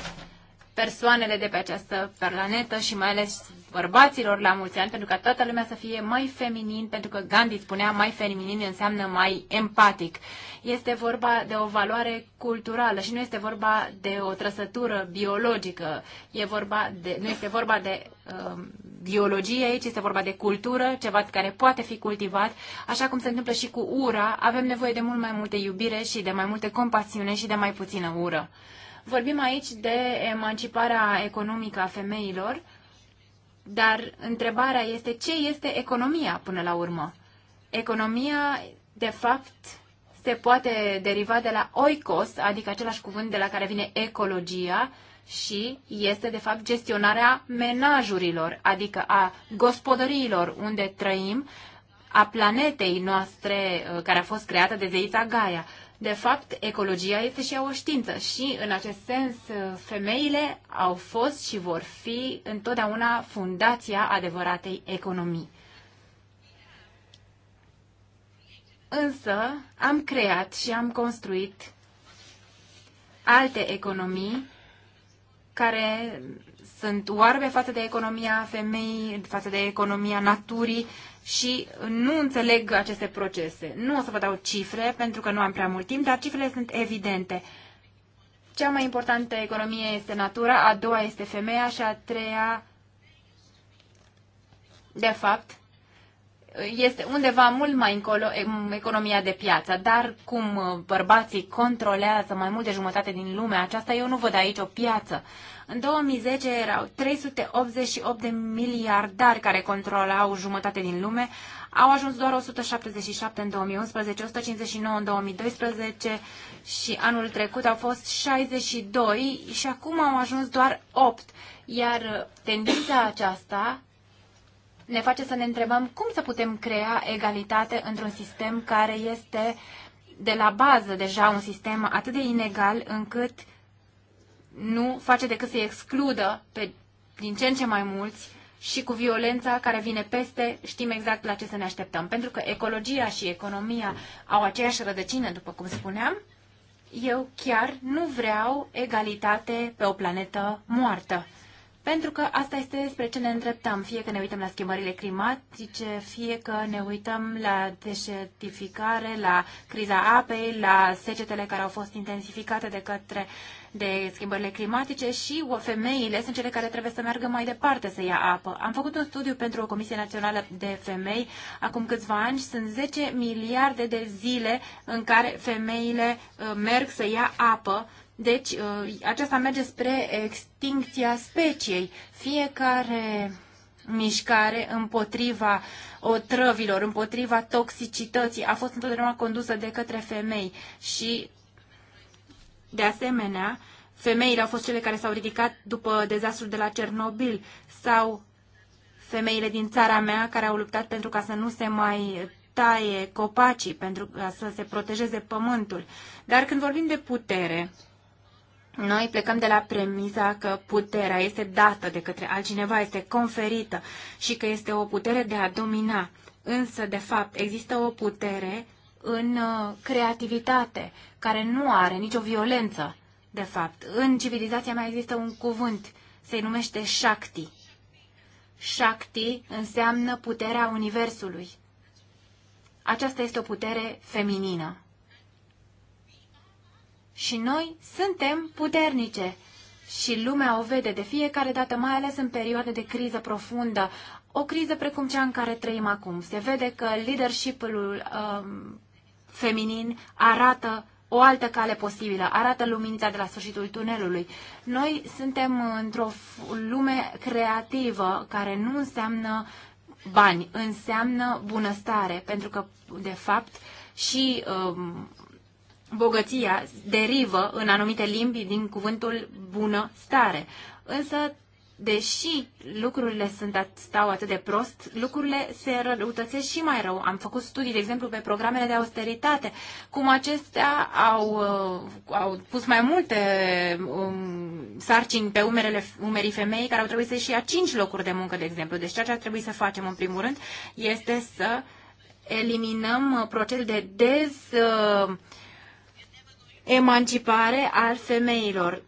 persoanele de pe această planetă și mai ales bărbaților la mulți ani, pentru ca toată lumea să fie mai feminin, pentru că Gandhi spunea mai feminin înseamnă mai empatic. Este vorba de o valoare culturală și nu este vorba de o trăsătură biologică, e vorba de, nu este vorba de um, biologie, aici este vorba de cultură, ceva care poate fi cultivat, așa cum se întâmplă și cu ura, avem nevoie de mult mai multe iubire și de mai multe compasiune și de mai puțină ură. Vorbim aici de emanciparea economică a femeilor, dar întrebarea este ce este economia până la urmă. Economia, de fapt, se poate deriva de la oikos, adică același cuvânt de la care vine ecologia, și este de fapt gestionarea menajurilor, adică a gospodăriilor unde trăim, a planetei noastre uh, care a fost creată de zeița Gaia. De fapt, ecologia este și ea o știință și, în acest sens, uh, femeile au fost și vor fi întotdeauna fundația adevăratei economii. Însă, am creat și am construit alte economii care sunt oarbe față de economia femeii, față de economia naturii și nu înțeleg aceste procese. Nu o să vă dau cifre, pentru că nu am prea mult timp, dar cifrele sunt evidente. Cea mai importantă economie este natura, a doua este femeia și a treia, de fapt, este undeva mult mai încolo mm, economia de piață, dar cum uh, bărbații controlează mai mult de jumătate din lumea aceasta, eu nu văd aici o piață. În 2010 erau 388 de miliardari care controlau jumătate din lume, au ajuns doar 177 în 2011, 159 în 2012 și anul trecut au fost 62 și acum au ajuns doar 8. Iar uh, tendința aceasta ne face să ne întrebăm cum să putem crea egalitate într-un sistem care este de la bază deja un sistem atât de inegal încât nu face decât să excludă pe, din ce în ce mai mulți și cu violența care vine peste, știm exact la ce să ne așteptăm. Pentru că ecologia și economia au aceeași rădăcină, după cum spuneam, eu chiar nu vreau egalitate pe o planetă moartă. Pentru că asta este despre ce ne îndreptăm, fie că ne uităm la schimbările climatice, fie că ne uităm la deșertificare, la criza apei, la secetele care au fost intensificate de către de schimbările climatice și femeile sunt cele care trebuie să meargă mai departe să ia apă. Am făcut un studiu pentru o Comisie Națională de Femei acum câțiva ani și sunt 10 miliarde de zile în care femeile uh, merg să ia apă deci, uh, aceasta merge spre extincția speciei. Fiecare mișcare împotriva otrăvilor, împotriva toxicității a fost întotdeauna condusă de către femei și, de asemenea, femeile au fost cele care s-au ridicat după dezastrul de la Cernobil sau femeile din țara mea care au luptat pentru ca să nu se mai taie copacii, pentru ca să se protejeze pământul. Dar când vorbim de putere, noi plecăm de la premisa că puterea este dată de către altcineva, este conferită și că este o putere de a domina. Însă, de fapt, există o putere în uh, creativitate, care nu are nicio violență, de fapt. În civilizația mai există un cuvânt, se numește Shakti. Shakti înseamnă puterea Universului. Aceasta este o putere feminină. Și noi suntem puternice. Și lumea o vede de fiecare dată, mai ales în perioade de criză profundă, o criză precum cea în care trăim acum. Se vede că leadershipul ul um, feminin arată o altă cale posibilă, arată luminița de la sfârșitul tunelului. Noi suntem într-o lume creativă care nu înseamnă bani, înseamnă bunăstare, pentru că, de fapt, și um, bogăția derivă în anumite limbi din cuvântul bună stare. Însă, deși lucrurile sunt, stau atât de prost, lucrurile se răutățesc și mai rău. Am făcut studii, de exemplu, pe programele de austeritate, cum acestea au, uh, au pus mai multe um, sarcini pe umerele, umerii femei care au trebuit să-și ia cinci locuri de muncă, de exemplu. Deci ceea ce ar trebui să facem, în primul rând, este să eliminăm uh, procesul de dez... Uh, emancipare al femeilor,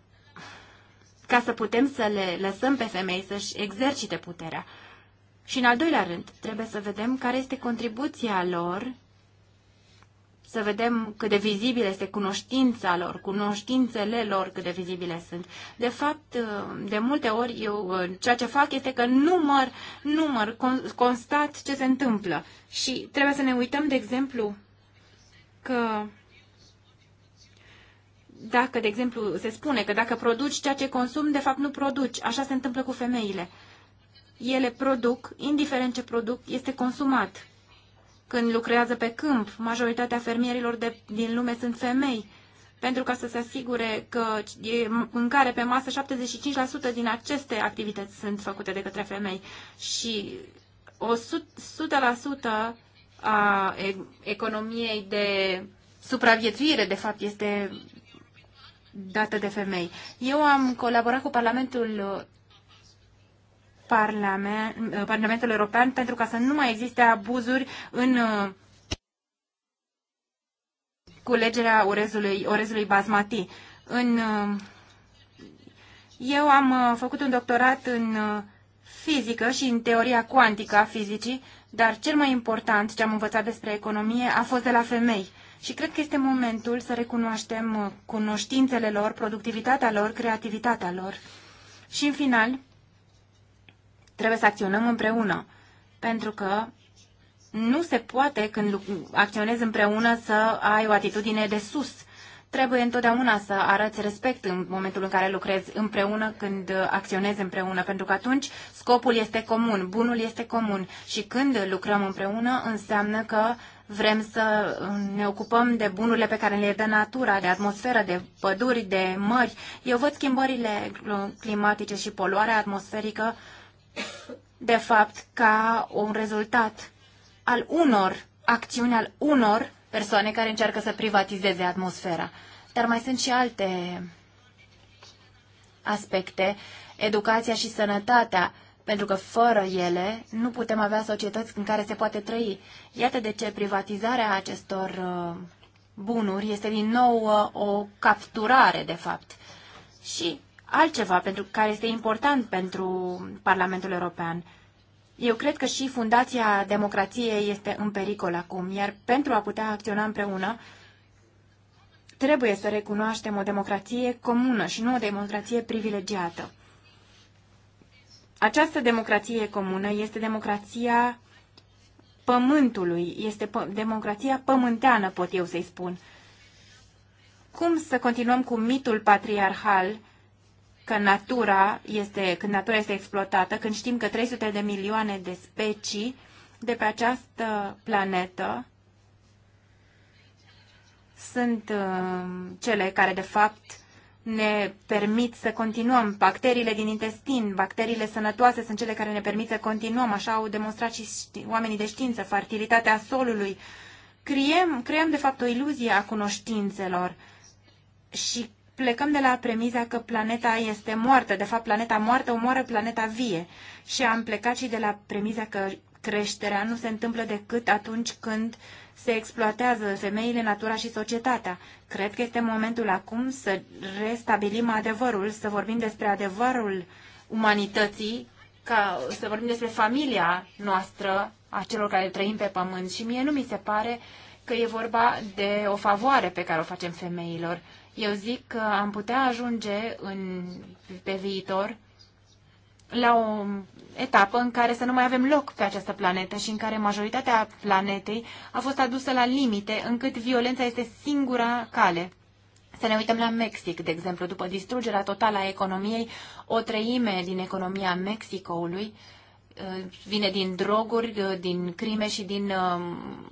ca să putem să le lăsăm pe femei să-și exercite puterea. Și în al doilea rând, trebuie să vedem care este contribuția lor, să vedem cât de vizibile este cunoștința lor, cunoștințele lor, cât de vizibile sunt. De fapt, de multe ori eu ceea ce fac este că număr, număr, constat ce se întâmplă. Și trebuie să ne uităm, de exemplu, că dacă, de exemplu, se spune că dacă produci ceea ce consumi, de fapt nu produci. Așa se întâmplă cu femeile. Ele produc, indiferent ce produc, este consumat. Când lucrează pe câmp, majoritatea fermierilor de, din lume sunt femei. Pentru ca să se asigure că e mâncare pe masă, 75% din aceste activități sunt făcute de către femei. Și 100% a economiei de supraviețuire, de fapt, este dată de femei. Eu am colaborat cu Parlamentul Parlament, Parlamentul European pentru ca să nu mai existe abuzuri în culegerea orezului, orezului basmati. În, eu am făcut un doctorat în fizică și în teoria cuantică a fizicii, dar cel mai important ce am învățat despre economie a fost de la femei. Și cred că este momentul să recunoaștem uh, cunoștințele lor, productivitatea lor, creativitatea lor. Și în final, trebuie să acționăm împreună, pentru că nu se poate când acționezi împreună să ai o atitudine de sus. Trebuie întotdeauna să arăți respect în momentul în care lucrezi împreună, când acționezi împreună, pentru că atunci scopul este comun, bunul este comun și când lucrăm împreună înseamnă că vrem să ne ocupăm de bunurile pe care le dă natura, de atmosferă, de păduri, de mări. Eu văd schimbările climatice și poluarea atmosferică, de fapt, ca un rezultat al unor acțiuni, al unor persoane care încearcă să privatizeze atmosfera. Dar mai sunt și alte aspecte, educația și sănătatea, pentru că fără ele nu putem avea societăți în care se poate trăi. Iată de ce privatizarea acestor uh, bunuri este din nou uh, o capturare, de fapt. Și altceva pentru care este important pentru Parlamentul European – eu cred că și Fundația Democrației este în pericol acum, iar pentru a putea acționa împreună, trebuie să recunoaștem o democrație comună și nu o democrație privilegiată. Această democrație comună este democrația pământului, este democrația pământeană, pot eu să-i spun. Cum să continuăm cu mitul patriarhal că natura este, când natura este exploatată, când știm că 300 de milioane de specii de pe această planetă sunt uh, cele care, de fapt, ne permit să continuăm. Bacteriile din intestin, bacteriile sănătoase sunt cele care ne permit să continuăm. Așa au demonstrat și oamenii de știință, fertilitatea solului. Creăm, creăm de fapt, o iluzie a cunoștințelor și plecăm de la premiza că planeta este moartă. De fapt, planeta moartă omoară planeta vie. Și am plecat și de la premiza că creșterea nu se întâmplă decât atunci când se exploatează femeile, natura și societatea. Cred că este momentul acum să restabilim adevărul, să vorbim despre adevărul umanității, ca să vorbim despre familia noastră, a celor care trăim pe pământ. Și mie nu mi se pare că e vorba de o favoare pe care o facem femeilor eu zic că am putea ajunge în, pe viitor la o etapă în care să nu mai avem loc pe această planetă și în care majoritatea planetei a fost adusă la limite încât violența este singura cale. Să ne uităm la Mexic, de exemplu, după distrugerea totală a economiei, o treime din economia Mexicoului uh, vine din droguri, uh, din crime și din um,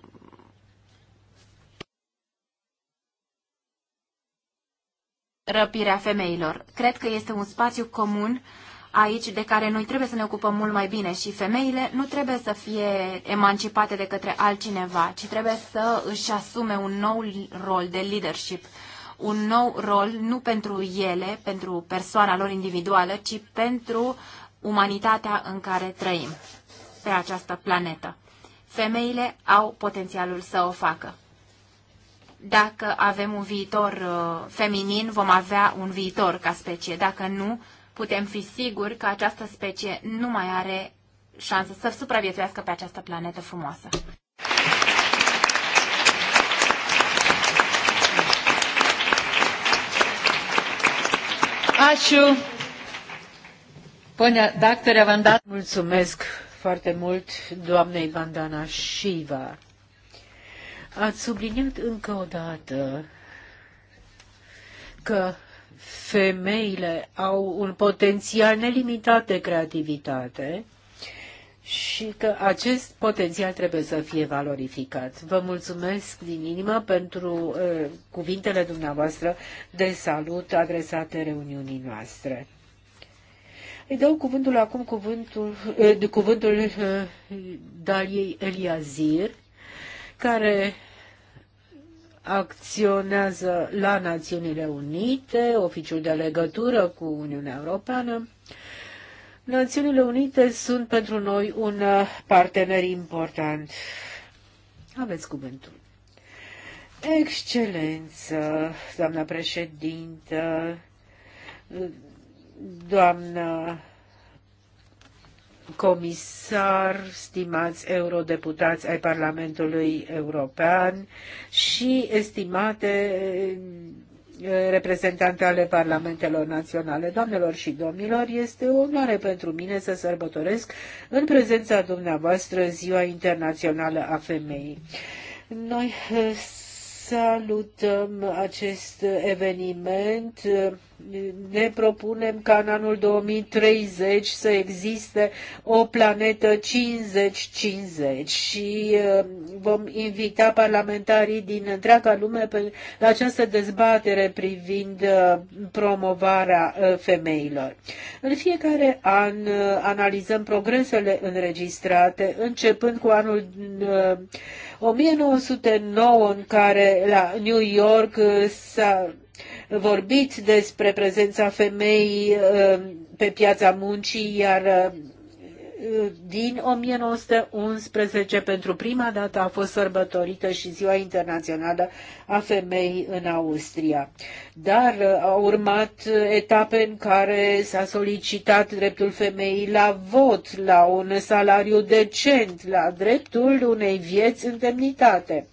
răpirea femeilor. Cred că este un spațiu comun aici de care noi trebuie să ne ocupăm mult mai bine și femeile nu trebuie să fie emancipate de către altcineva, ci trebuie să își asume un nou rol de leadership, un nou rol nu pentru ele, pentru persoana lor individuală, ci pentru umanitatea în care trăim pe această planetă. Femeile au potențialul să o facă. Dacă avem un viitor uh, feminin, vom avea un viitor ca specie. Dacă nu, putem fi siguri că această specie nu mai are șansă să supraviețuiască pe această planetă frumoasă. Așu, Până doctore Vandana. Mulțumesc foarte mult doamnei Vandana Shiva. Ați subliniat încă o dată că femeile au un potențial nelimitat de creativitate și că acest potențial trebuie să fie valorificat. Vă mulțumesc din inimă pentru uh, cuvintele dumneavoastră de salut adresate reuniunii noastre. Îi dau cuvântul acum cuvântul, uh, cuvântul uh, Daliei Eliazir, care acționează la Națiunile Unite, oficiul de legătură cu Uniunea Europeană. Națiunile Unite sunt pentru noi un partener important. Aveți cuvântul. Excelență, doamna președintă, doamna comisar, stimați eurodeputați ai Parlamentului European și estimate eh, reprezentante ale parlamentelor naționale. Doamnelor și domnilor, este o onoare pentru mine să sărbătoresc în prezența dumneavoastră Ziua Internațională a Femeii. Noi eh, salutăm acest eveniment eh, ne propunem ca în anul 2030 să existe o planetă 50-50 și uh, vom invita parlamentarii din întreaga lume pe, la această dezbatere privind uh, promovarea uh, femeilor. În fiecare an analizăm progresele înregistrate, începând cu anul 1909 în care la New York s-a vorbit despre prezența femeii uh, pe piața muncii, iar uh, din 1911 pentru prima dată a fost sărbătorită și Ziua Internațională a Femei în Austria. Dar uh, au urmat etape în care s-a solicitat dreptul femeii la vot, la un salariu decent, la dreptul unei vieți în demnitate.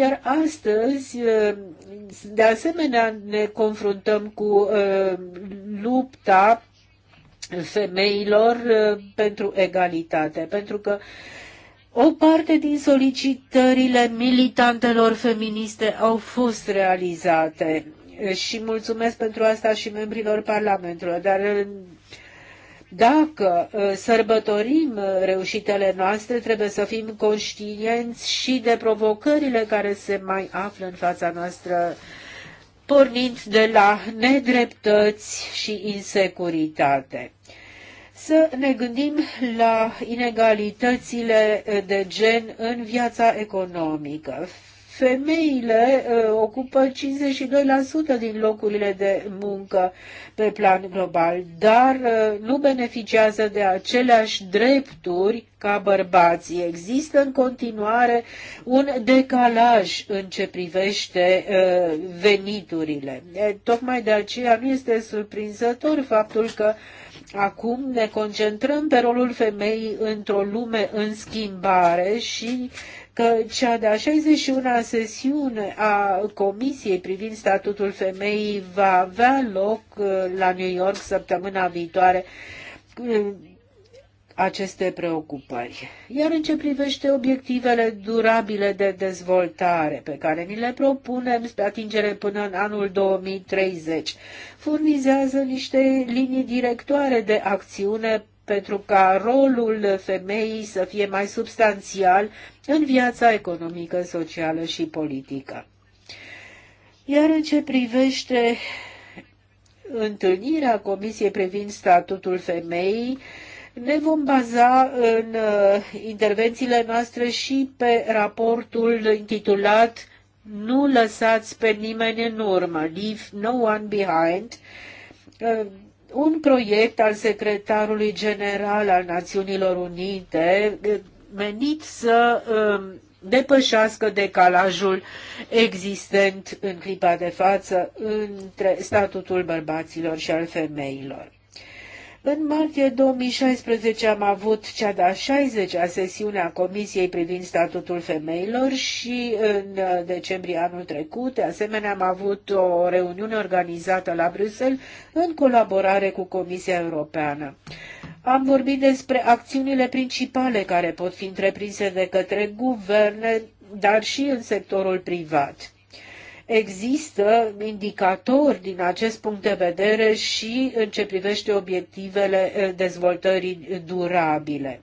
Iar astăzi, de asemenea, ne confruntăm cu lupta femeilor pentru egalitate, pentru că o parte din solicitările militantelor feministe au fost realizate și mulțumesc pentru asta și membrilor Parlamentului, dar dacă ă, sărbătorim ă, reușitele noastre, trebuie să fim conștienți și de provocările care se mai află în fața noastră, pornind de la nedreptăți și insecuritate să ne gândim la inegalitățile ă, de gen în viața economică femeile uh, ocupă 52% din locurile de muncă pe plan global, dar uh, nu beneficiază de aceleași drepturi ca bărbații. Există în continuare un decalaj în ce privește uh, veniturile. Tocmai de aceea nu este surprinzător faptul că Acum ne concentrăm pe rolul femeii într-o lume în schimbare și că cea de-a 61-a sesiune a Comisiei privind statutul femeii va avea loc uh, la New York săptămâna viitoare uh, aceste preocupări. Iar în ce privește obiectivele durabile de dezvoltare pe care ni le propunem spre atingere până în anul 2030, furnizează niște linii directoare de acțiune pentru ca rolul femeii să fie mai substanțial în viața economică, socială și politică. Iar în ce privește întâlnirea Comisiei privind statutul femeii, ne vom baza în uh, intervențiile noastre și pe raportul intitulat Nu lăsați pe nimeni în urmă, Leave No One Behind, uh, un proiect al secretarului general al Națiunilor Unite eh, menit să um, depășească decalajul existent în clipa de față între statutul bărbaților și al femeilor. În martie 2016 am avut cea de-a 60-a sesiune a Comisiei privind statutul femeilor și în decembrie anul trecut, de asemenea, am avut o reuniune organizată la Bruxelles în colaborare cu Comisia Europeană. Am vorbit despre acțiunile principale care pot fi întreprinse de către guverne, dar și în sectorul privat. Există indicatori din acest punct de vedere și în ce privește obiectivele eh, dezvoltării durabile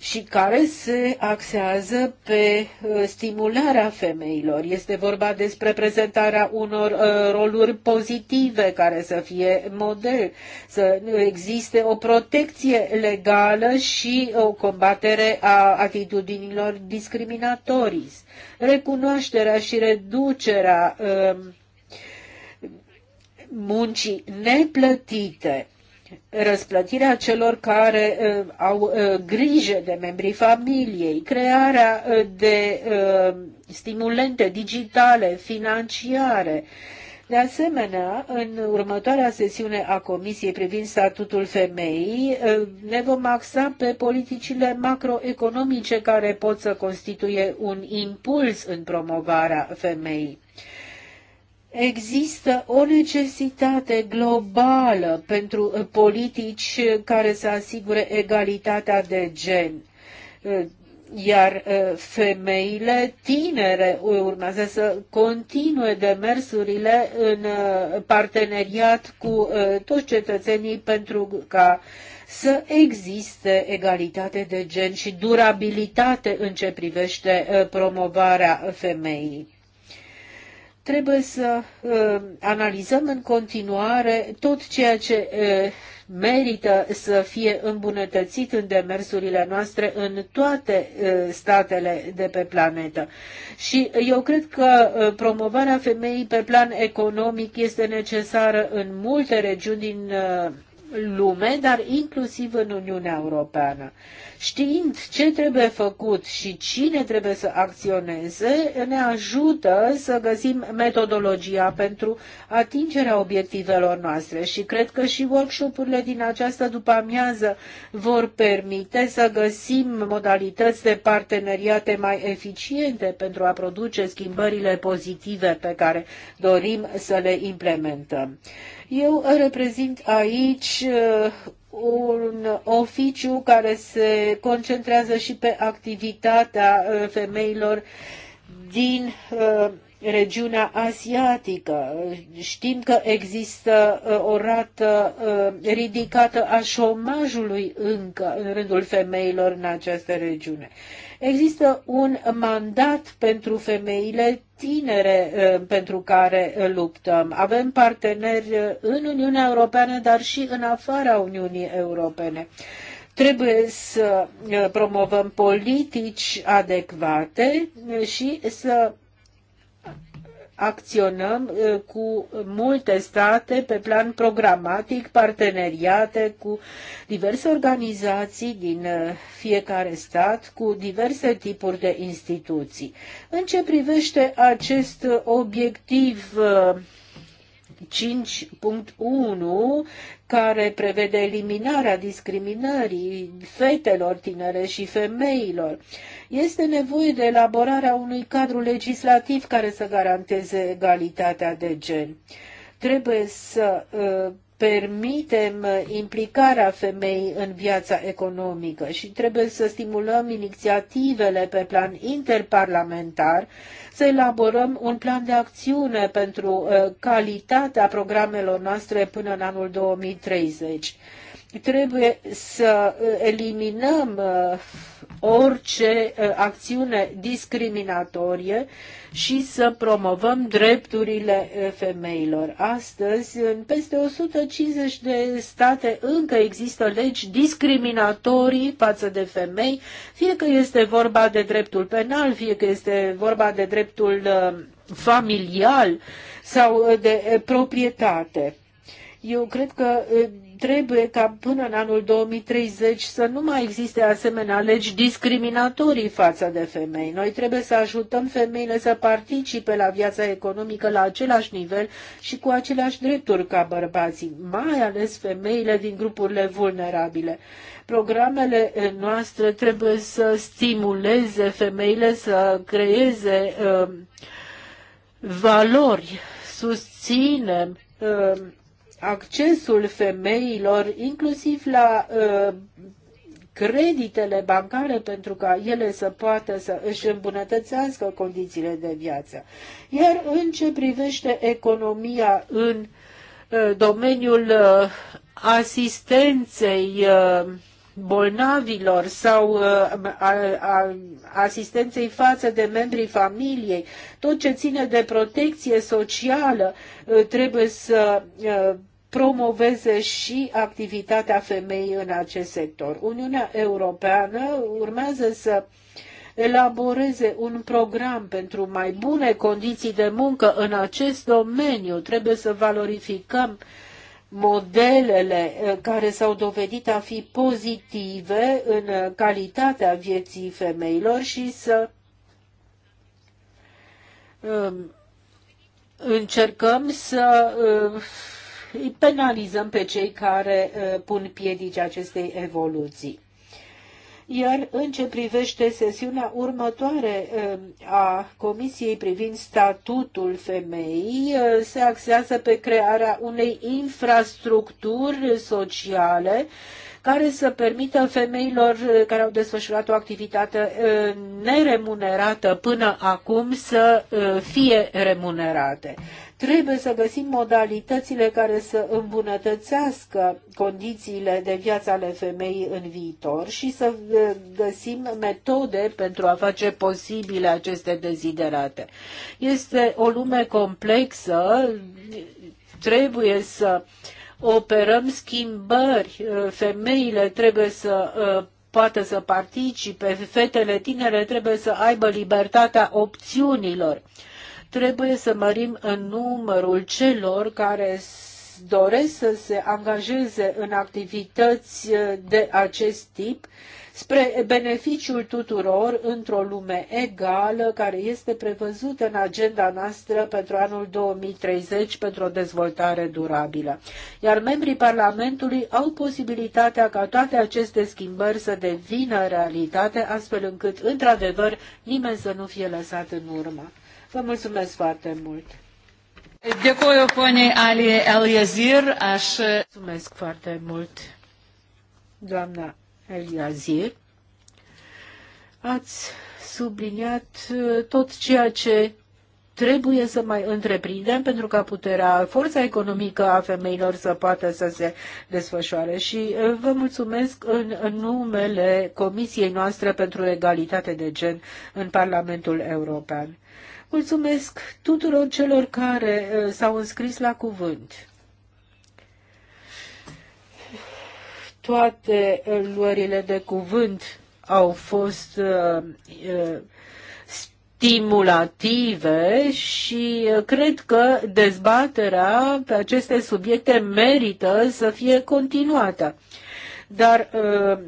și care se axează pe uh, stimularea femeilor. Este vorba despre prezentarea unor uh, roluri pozitive care să fie model, să existe o protecție legală și o combatere a atitudinilor discriminatorii, recunoașterea și reducerea um, muncii neplătite răsplătirea celor care uh, au uh, grijă de membrii familiei, crearea uh, de uh, stimulente digitale, financiare. De asemenea, în următoarea sesiune a Comisiei privind statutul femeii, uh, ne vom axa pe politicile macroeconomice care pot să constituie un impuls în promovarea femeii Există o necesitate globală pentru uh, politici uh, care să asigure egalitatea de gen uh, iar femeile tinere urmează să continue demersurile în parteneriat cu toți cetățenii pentru ca să existe egalitate de gen și durabilitate în ce privește promovarea femeii. Trebuie să uh, analizăm în continuare tot ceea ce uh, merită să fie îmbunătățit în demersurile noastre în toate uh, statele de pe planetă. Și eu cred că uh, promovarea femeii pe plan economic este necesară în multe regiuni din uh, lume, dar inclusiv în Uniunea Europeană. Știind ce trebuie făcut și cine trebuie să acționeze, ne ajută să găsim metodologia pentru atingerea obiectivelor noastre și cred că și workshopurile din această după-amiază vor permite să găsim modalități de parteneriate mai eficiente pentru a produce schimbările pozitive pe care dorim să le implementăm. Eu reprezint aici uh, un oficiu care se concentrează și pe activitatea uh, femeilor din uh, regiunea asiatică. Știm că există o rată ridicată a șomajului încă în rândul femeilor în această regiune. Există un mandat pentru femeile tinere eh, pentru care eh, luptăm. Avem parteneri eh, în Uniunea Europeană, dar și în afara Uniunii Europene. Trebuie să promovăm politici adecvate și să acționăm uh, cu multe state pe plan programatic, parteneriate cu diverse organizații din uh, fiecare stat, cu diverse tipuri de instituții. În ce privește acest obiectiv uh, 5.1 care prevede eliminarea discriminării fetelor tinere și femeilor. Este nevoie de elaborarea unui cadru legislativ care să garanteze egalitatea de gen. Trebuie să uh, permitem uh, implicarea femeii în viața economică și trebuie să stimulăm inițiativele pe plan interparlamentar, să elaborăm un plan de acțiune pentru uh, calitatea programelor noastre până în anul 2030. Trebuie să uh, eliminăm orice ă, acțiune discriminatorie și să promovăm drepturile ă, femeilor. Astăzi, în peste 150 de state încă există legi discriminatorii față de femei, fie că este vorba de dreptul penal, fie că este vorba de dreptul ă, familial sau de proprietate. Eu cred că trebuie ca până în anul 2030 să nu mai existe asemenea legi discriminatorii față de femei. Noi trebuie să ajutăm femeile să participe la viața economică la același nivel și cu aceleași drepturi ca bărbații, mai ales femeile din grupurile vulnerabile. Programele noastre trebuie să stimuleze femeile să creeze uh, valori. Susținem uh, accesul femeilor inclusiv la uh, creditele bancare pentru ca ele să poată să își îmbunătățească condițiile de viață. Iar în ce privește economia în uh, domeniul uh, asistenței bolnavilor sau asistenței față de membrii familiei, tot ce ține de protecție socială trebuie să promoveze și activitatea femeii în acest sector. Uniunea Europeană urmează să elaboreze un program pentru mai bune condiții de muncă în acest domeniu. Trebuie să valorificăm modelele eh, care s-au dovedit a fi pozitive în calitatea vieții femeilor și să eh, încercăm să eh, îi penalizăm pe cei care uh, pun piedici acestei evoluții. Iar în ce privește sesiunea următoare uh, a Comisiei privind statutul femeii, uh, se axează pe crearea unei infrastructuri sociale care să permită femeilor eh, care au desfășurat o activitate eh, neremunerată până acum să eh, fie remunerate. Trebuie să găsim modalitățile care să îmbunătățească condițiile de viață ale femeii în viitor și să găsim metode pentru a face posibile aceste deziderate. Este o lume complexă, trebuie să uh, operăm schimbări. Uh, femeile trebuie să uh, poată să participe, fetele tinere trebuie să aibă libertatea opțiunilor. Trebuie să mărim în numărul celor care doresc să se angajeze în activități uh, de acest tip spre beneficiul tuturor într-o lume egală care este prevăzută în agenda noastră pentru anul 2030 pentru o dezvoltare durabilă. Iar membrii Parlamentului au posibilitatea ca toate aceste schimbări să devină realitate, astfel încât, într-adevăr, nimeni să nu fie lăsat în urmă. Vă mulțumesc foarte mult! Dėkuoju poniai Alie Eliezir. Aš... Mulțumesc foarte mult, doamna Eliazir, ați subliniat uh, tot ceea ce trebuie să mai întreprindem pentru ca puterea, forța economică a femeilor să poată să se desfășoare. Și uh, vă mulțumesc în numele Comisiei noastre pentru Egalitate de Gen în Parlamentul European. Mulțumesc tuturor celor care uh, s-au înscris la cuvânt. toate uh, luările de cuvânt au fost uh, uh stimulative și uh, cred că dezbaterea pe aceste subiecte merită să fie continuată. Dar uh,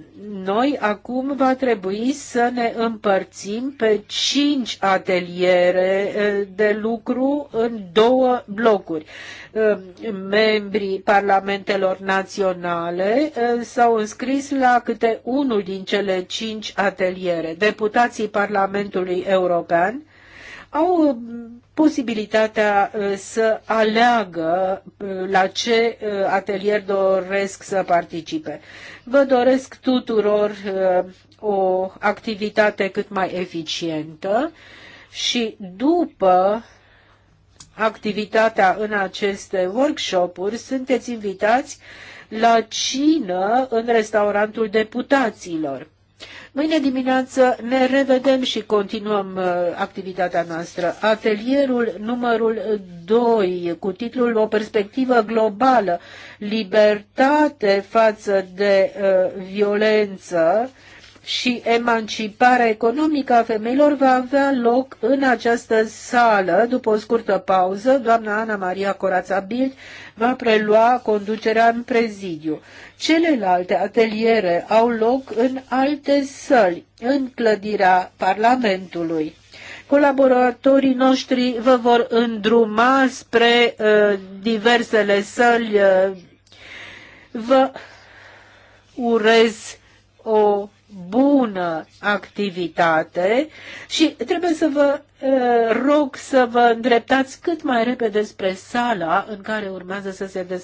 noi acum va trebui să ne împărțim pe cinci ateliere uh, de lucru în două blocuri. Uh, membrii parlamentelor naționale s-au înscris la câte unul din cele cinci ateliere. Deputații Parlamentului European au posibilitatea uh, să aleagă uh, la ce uh, atelier doresc să participe. Vă doresc tuturor o activitate cât mai eficientă și după activitatea în aceste workshop-uri sunteți invitați la cină în restaurantul deputaților. Mâine dimineață ne revedem și continuăm uh, activitatea noastră. Atelierul numărul 2 cu titlul O perspectivă globală, libertate față de uh, violență, și emanciparea economică a femeilor va avea loc în această sală. După o scurtă pauză, doamna Ana Maria Corața Bild va prelua conducerea în prezidiu. Celelalte ateliere au loc în alte săli, în clădirea Parlamentului. Colaboratorii noștri vă vor îndruma spre uh, diversele săli. Uh, vă urez o bună activitate și trebuie să vă uh, rog să vă îndreptați cât mai repede spre sala în care urmează să se desfășoare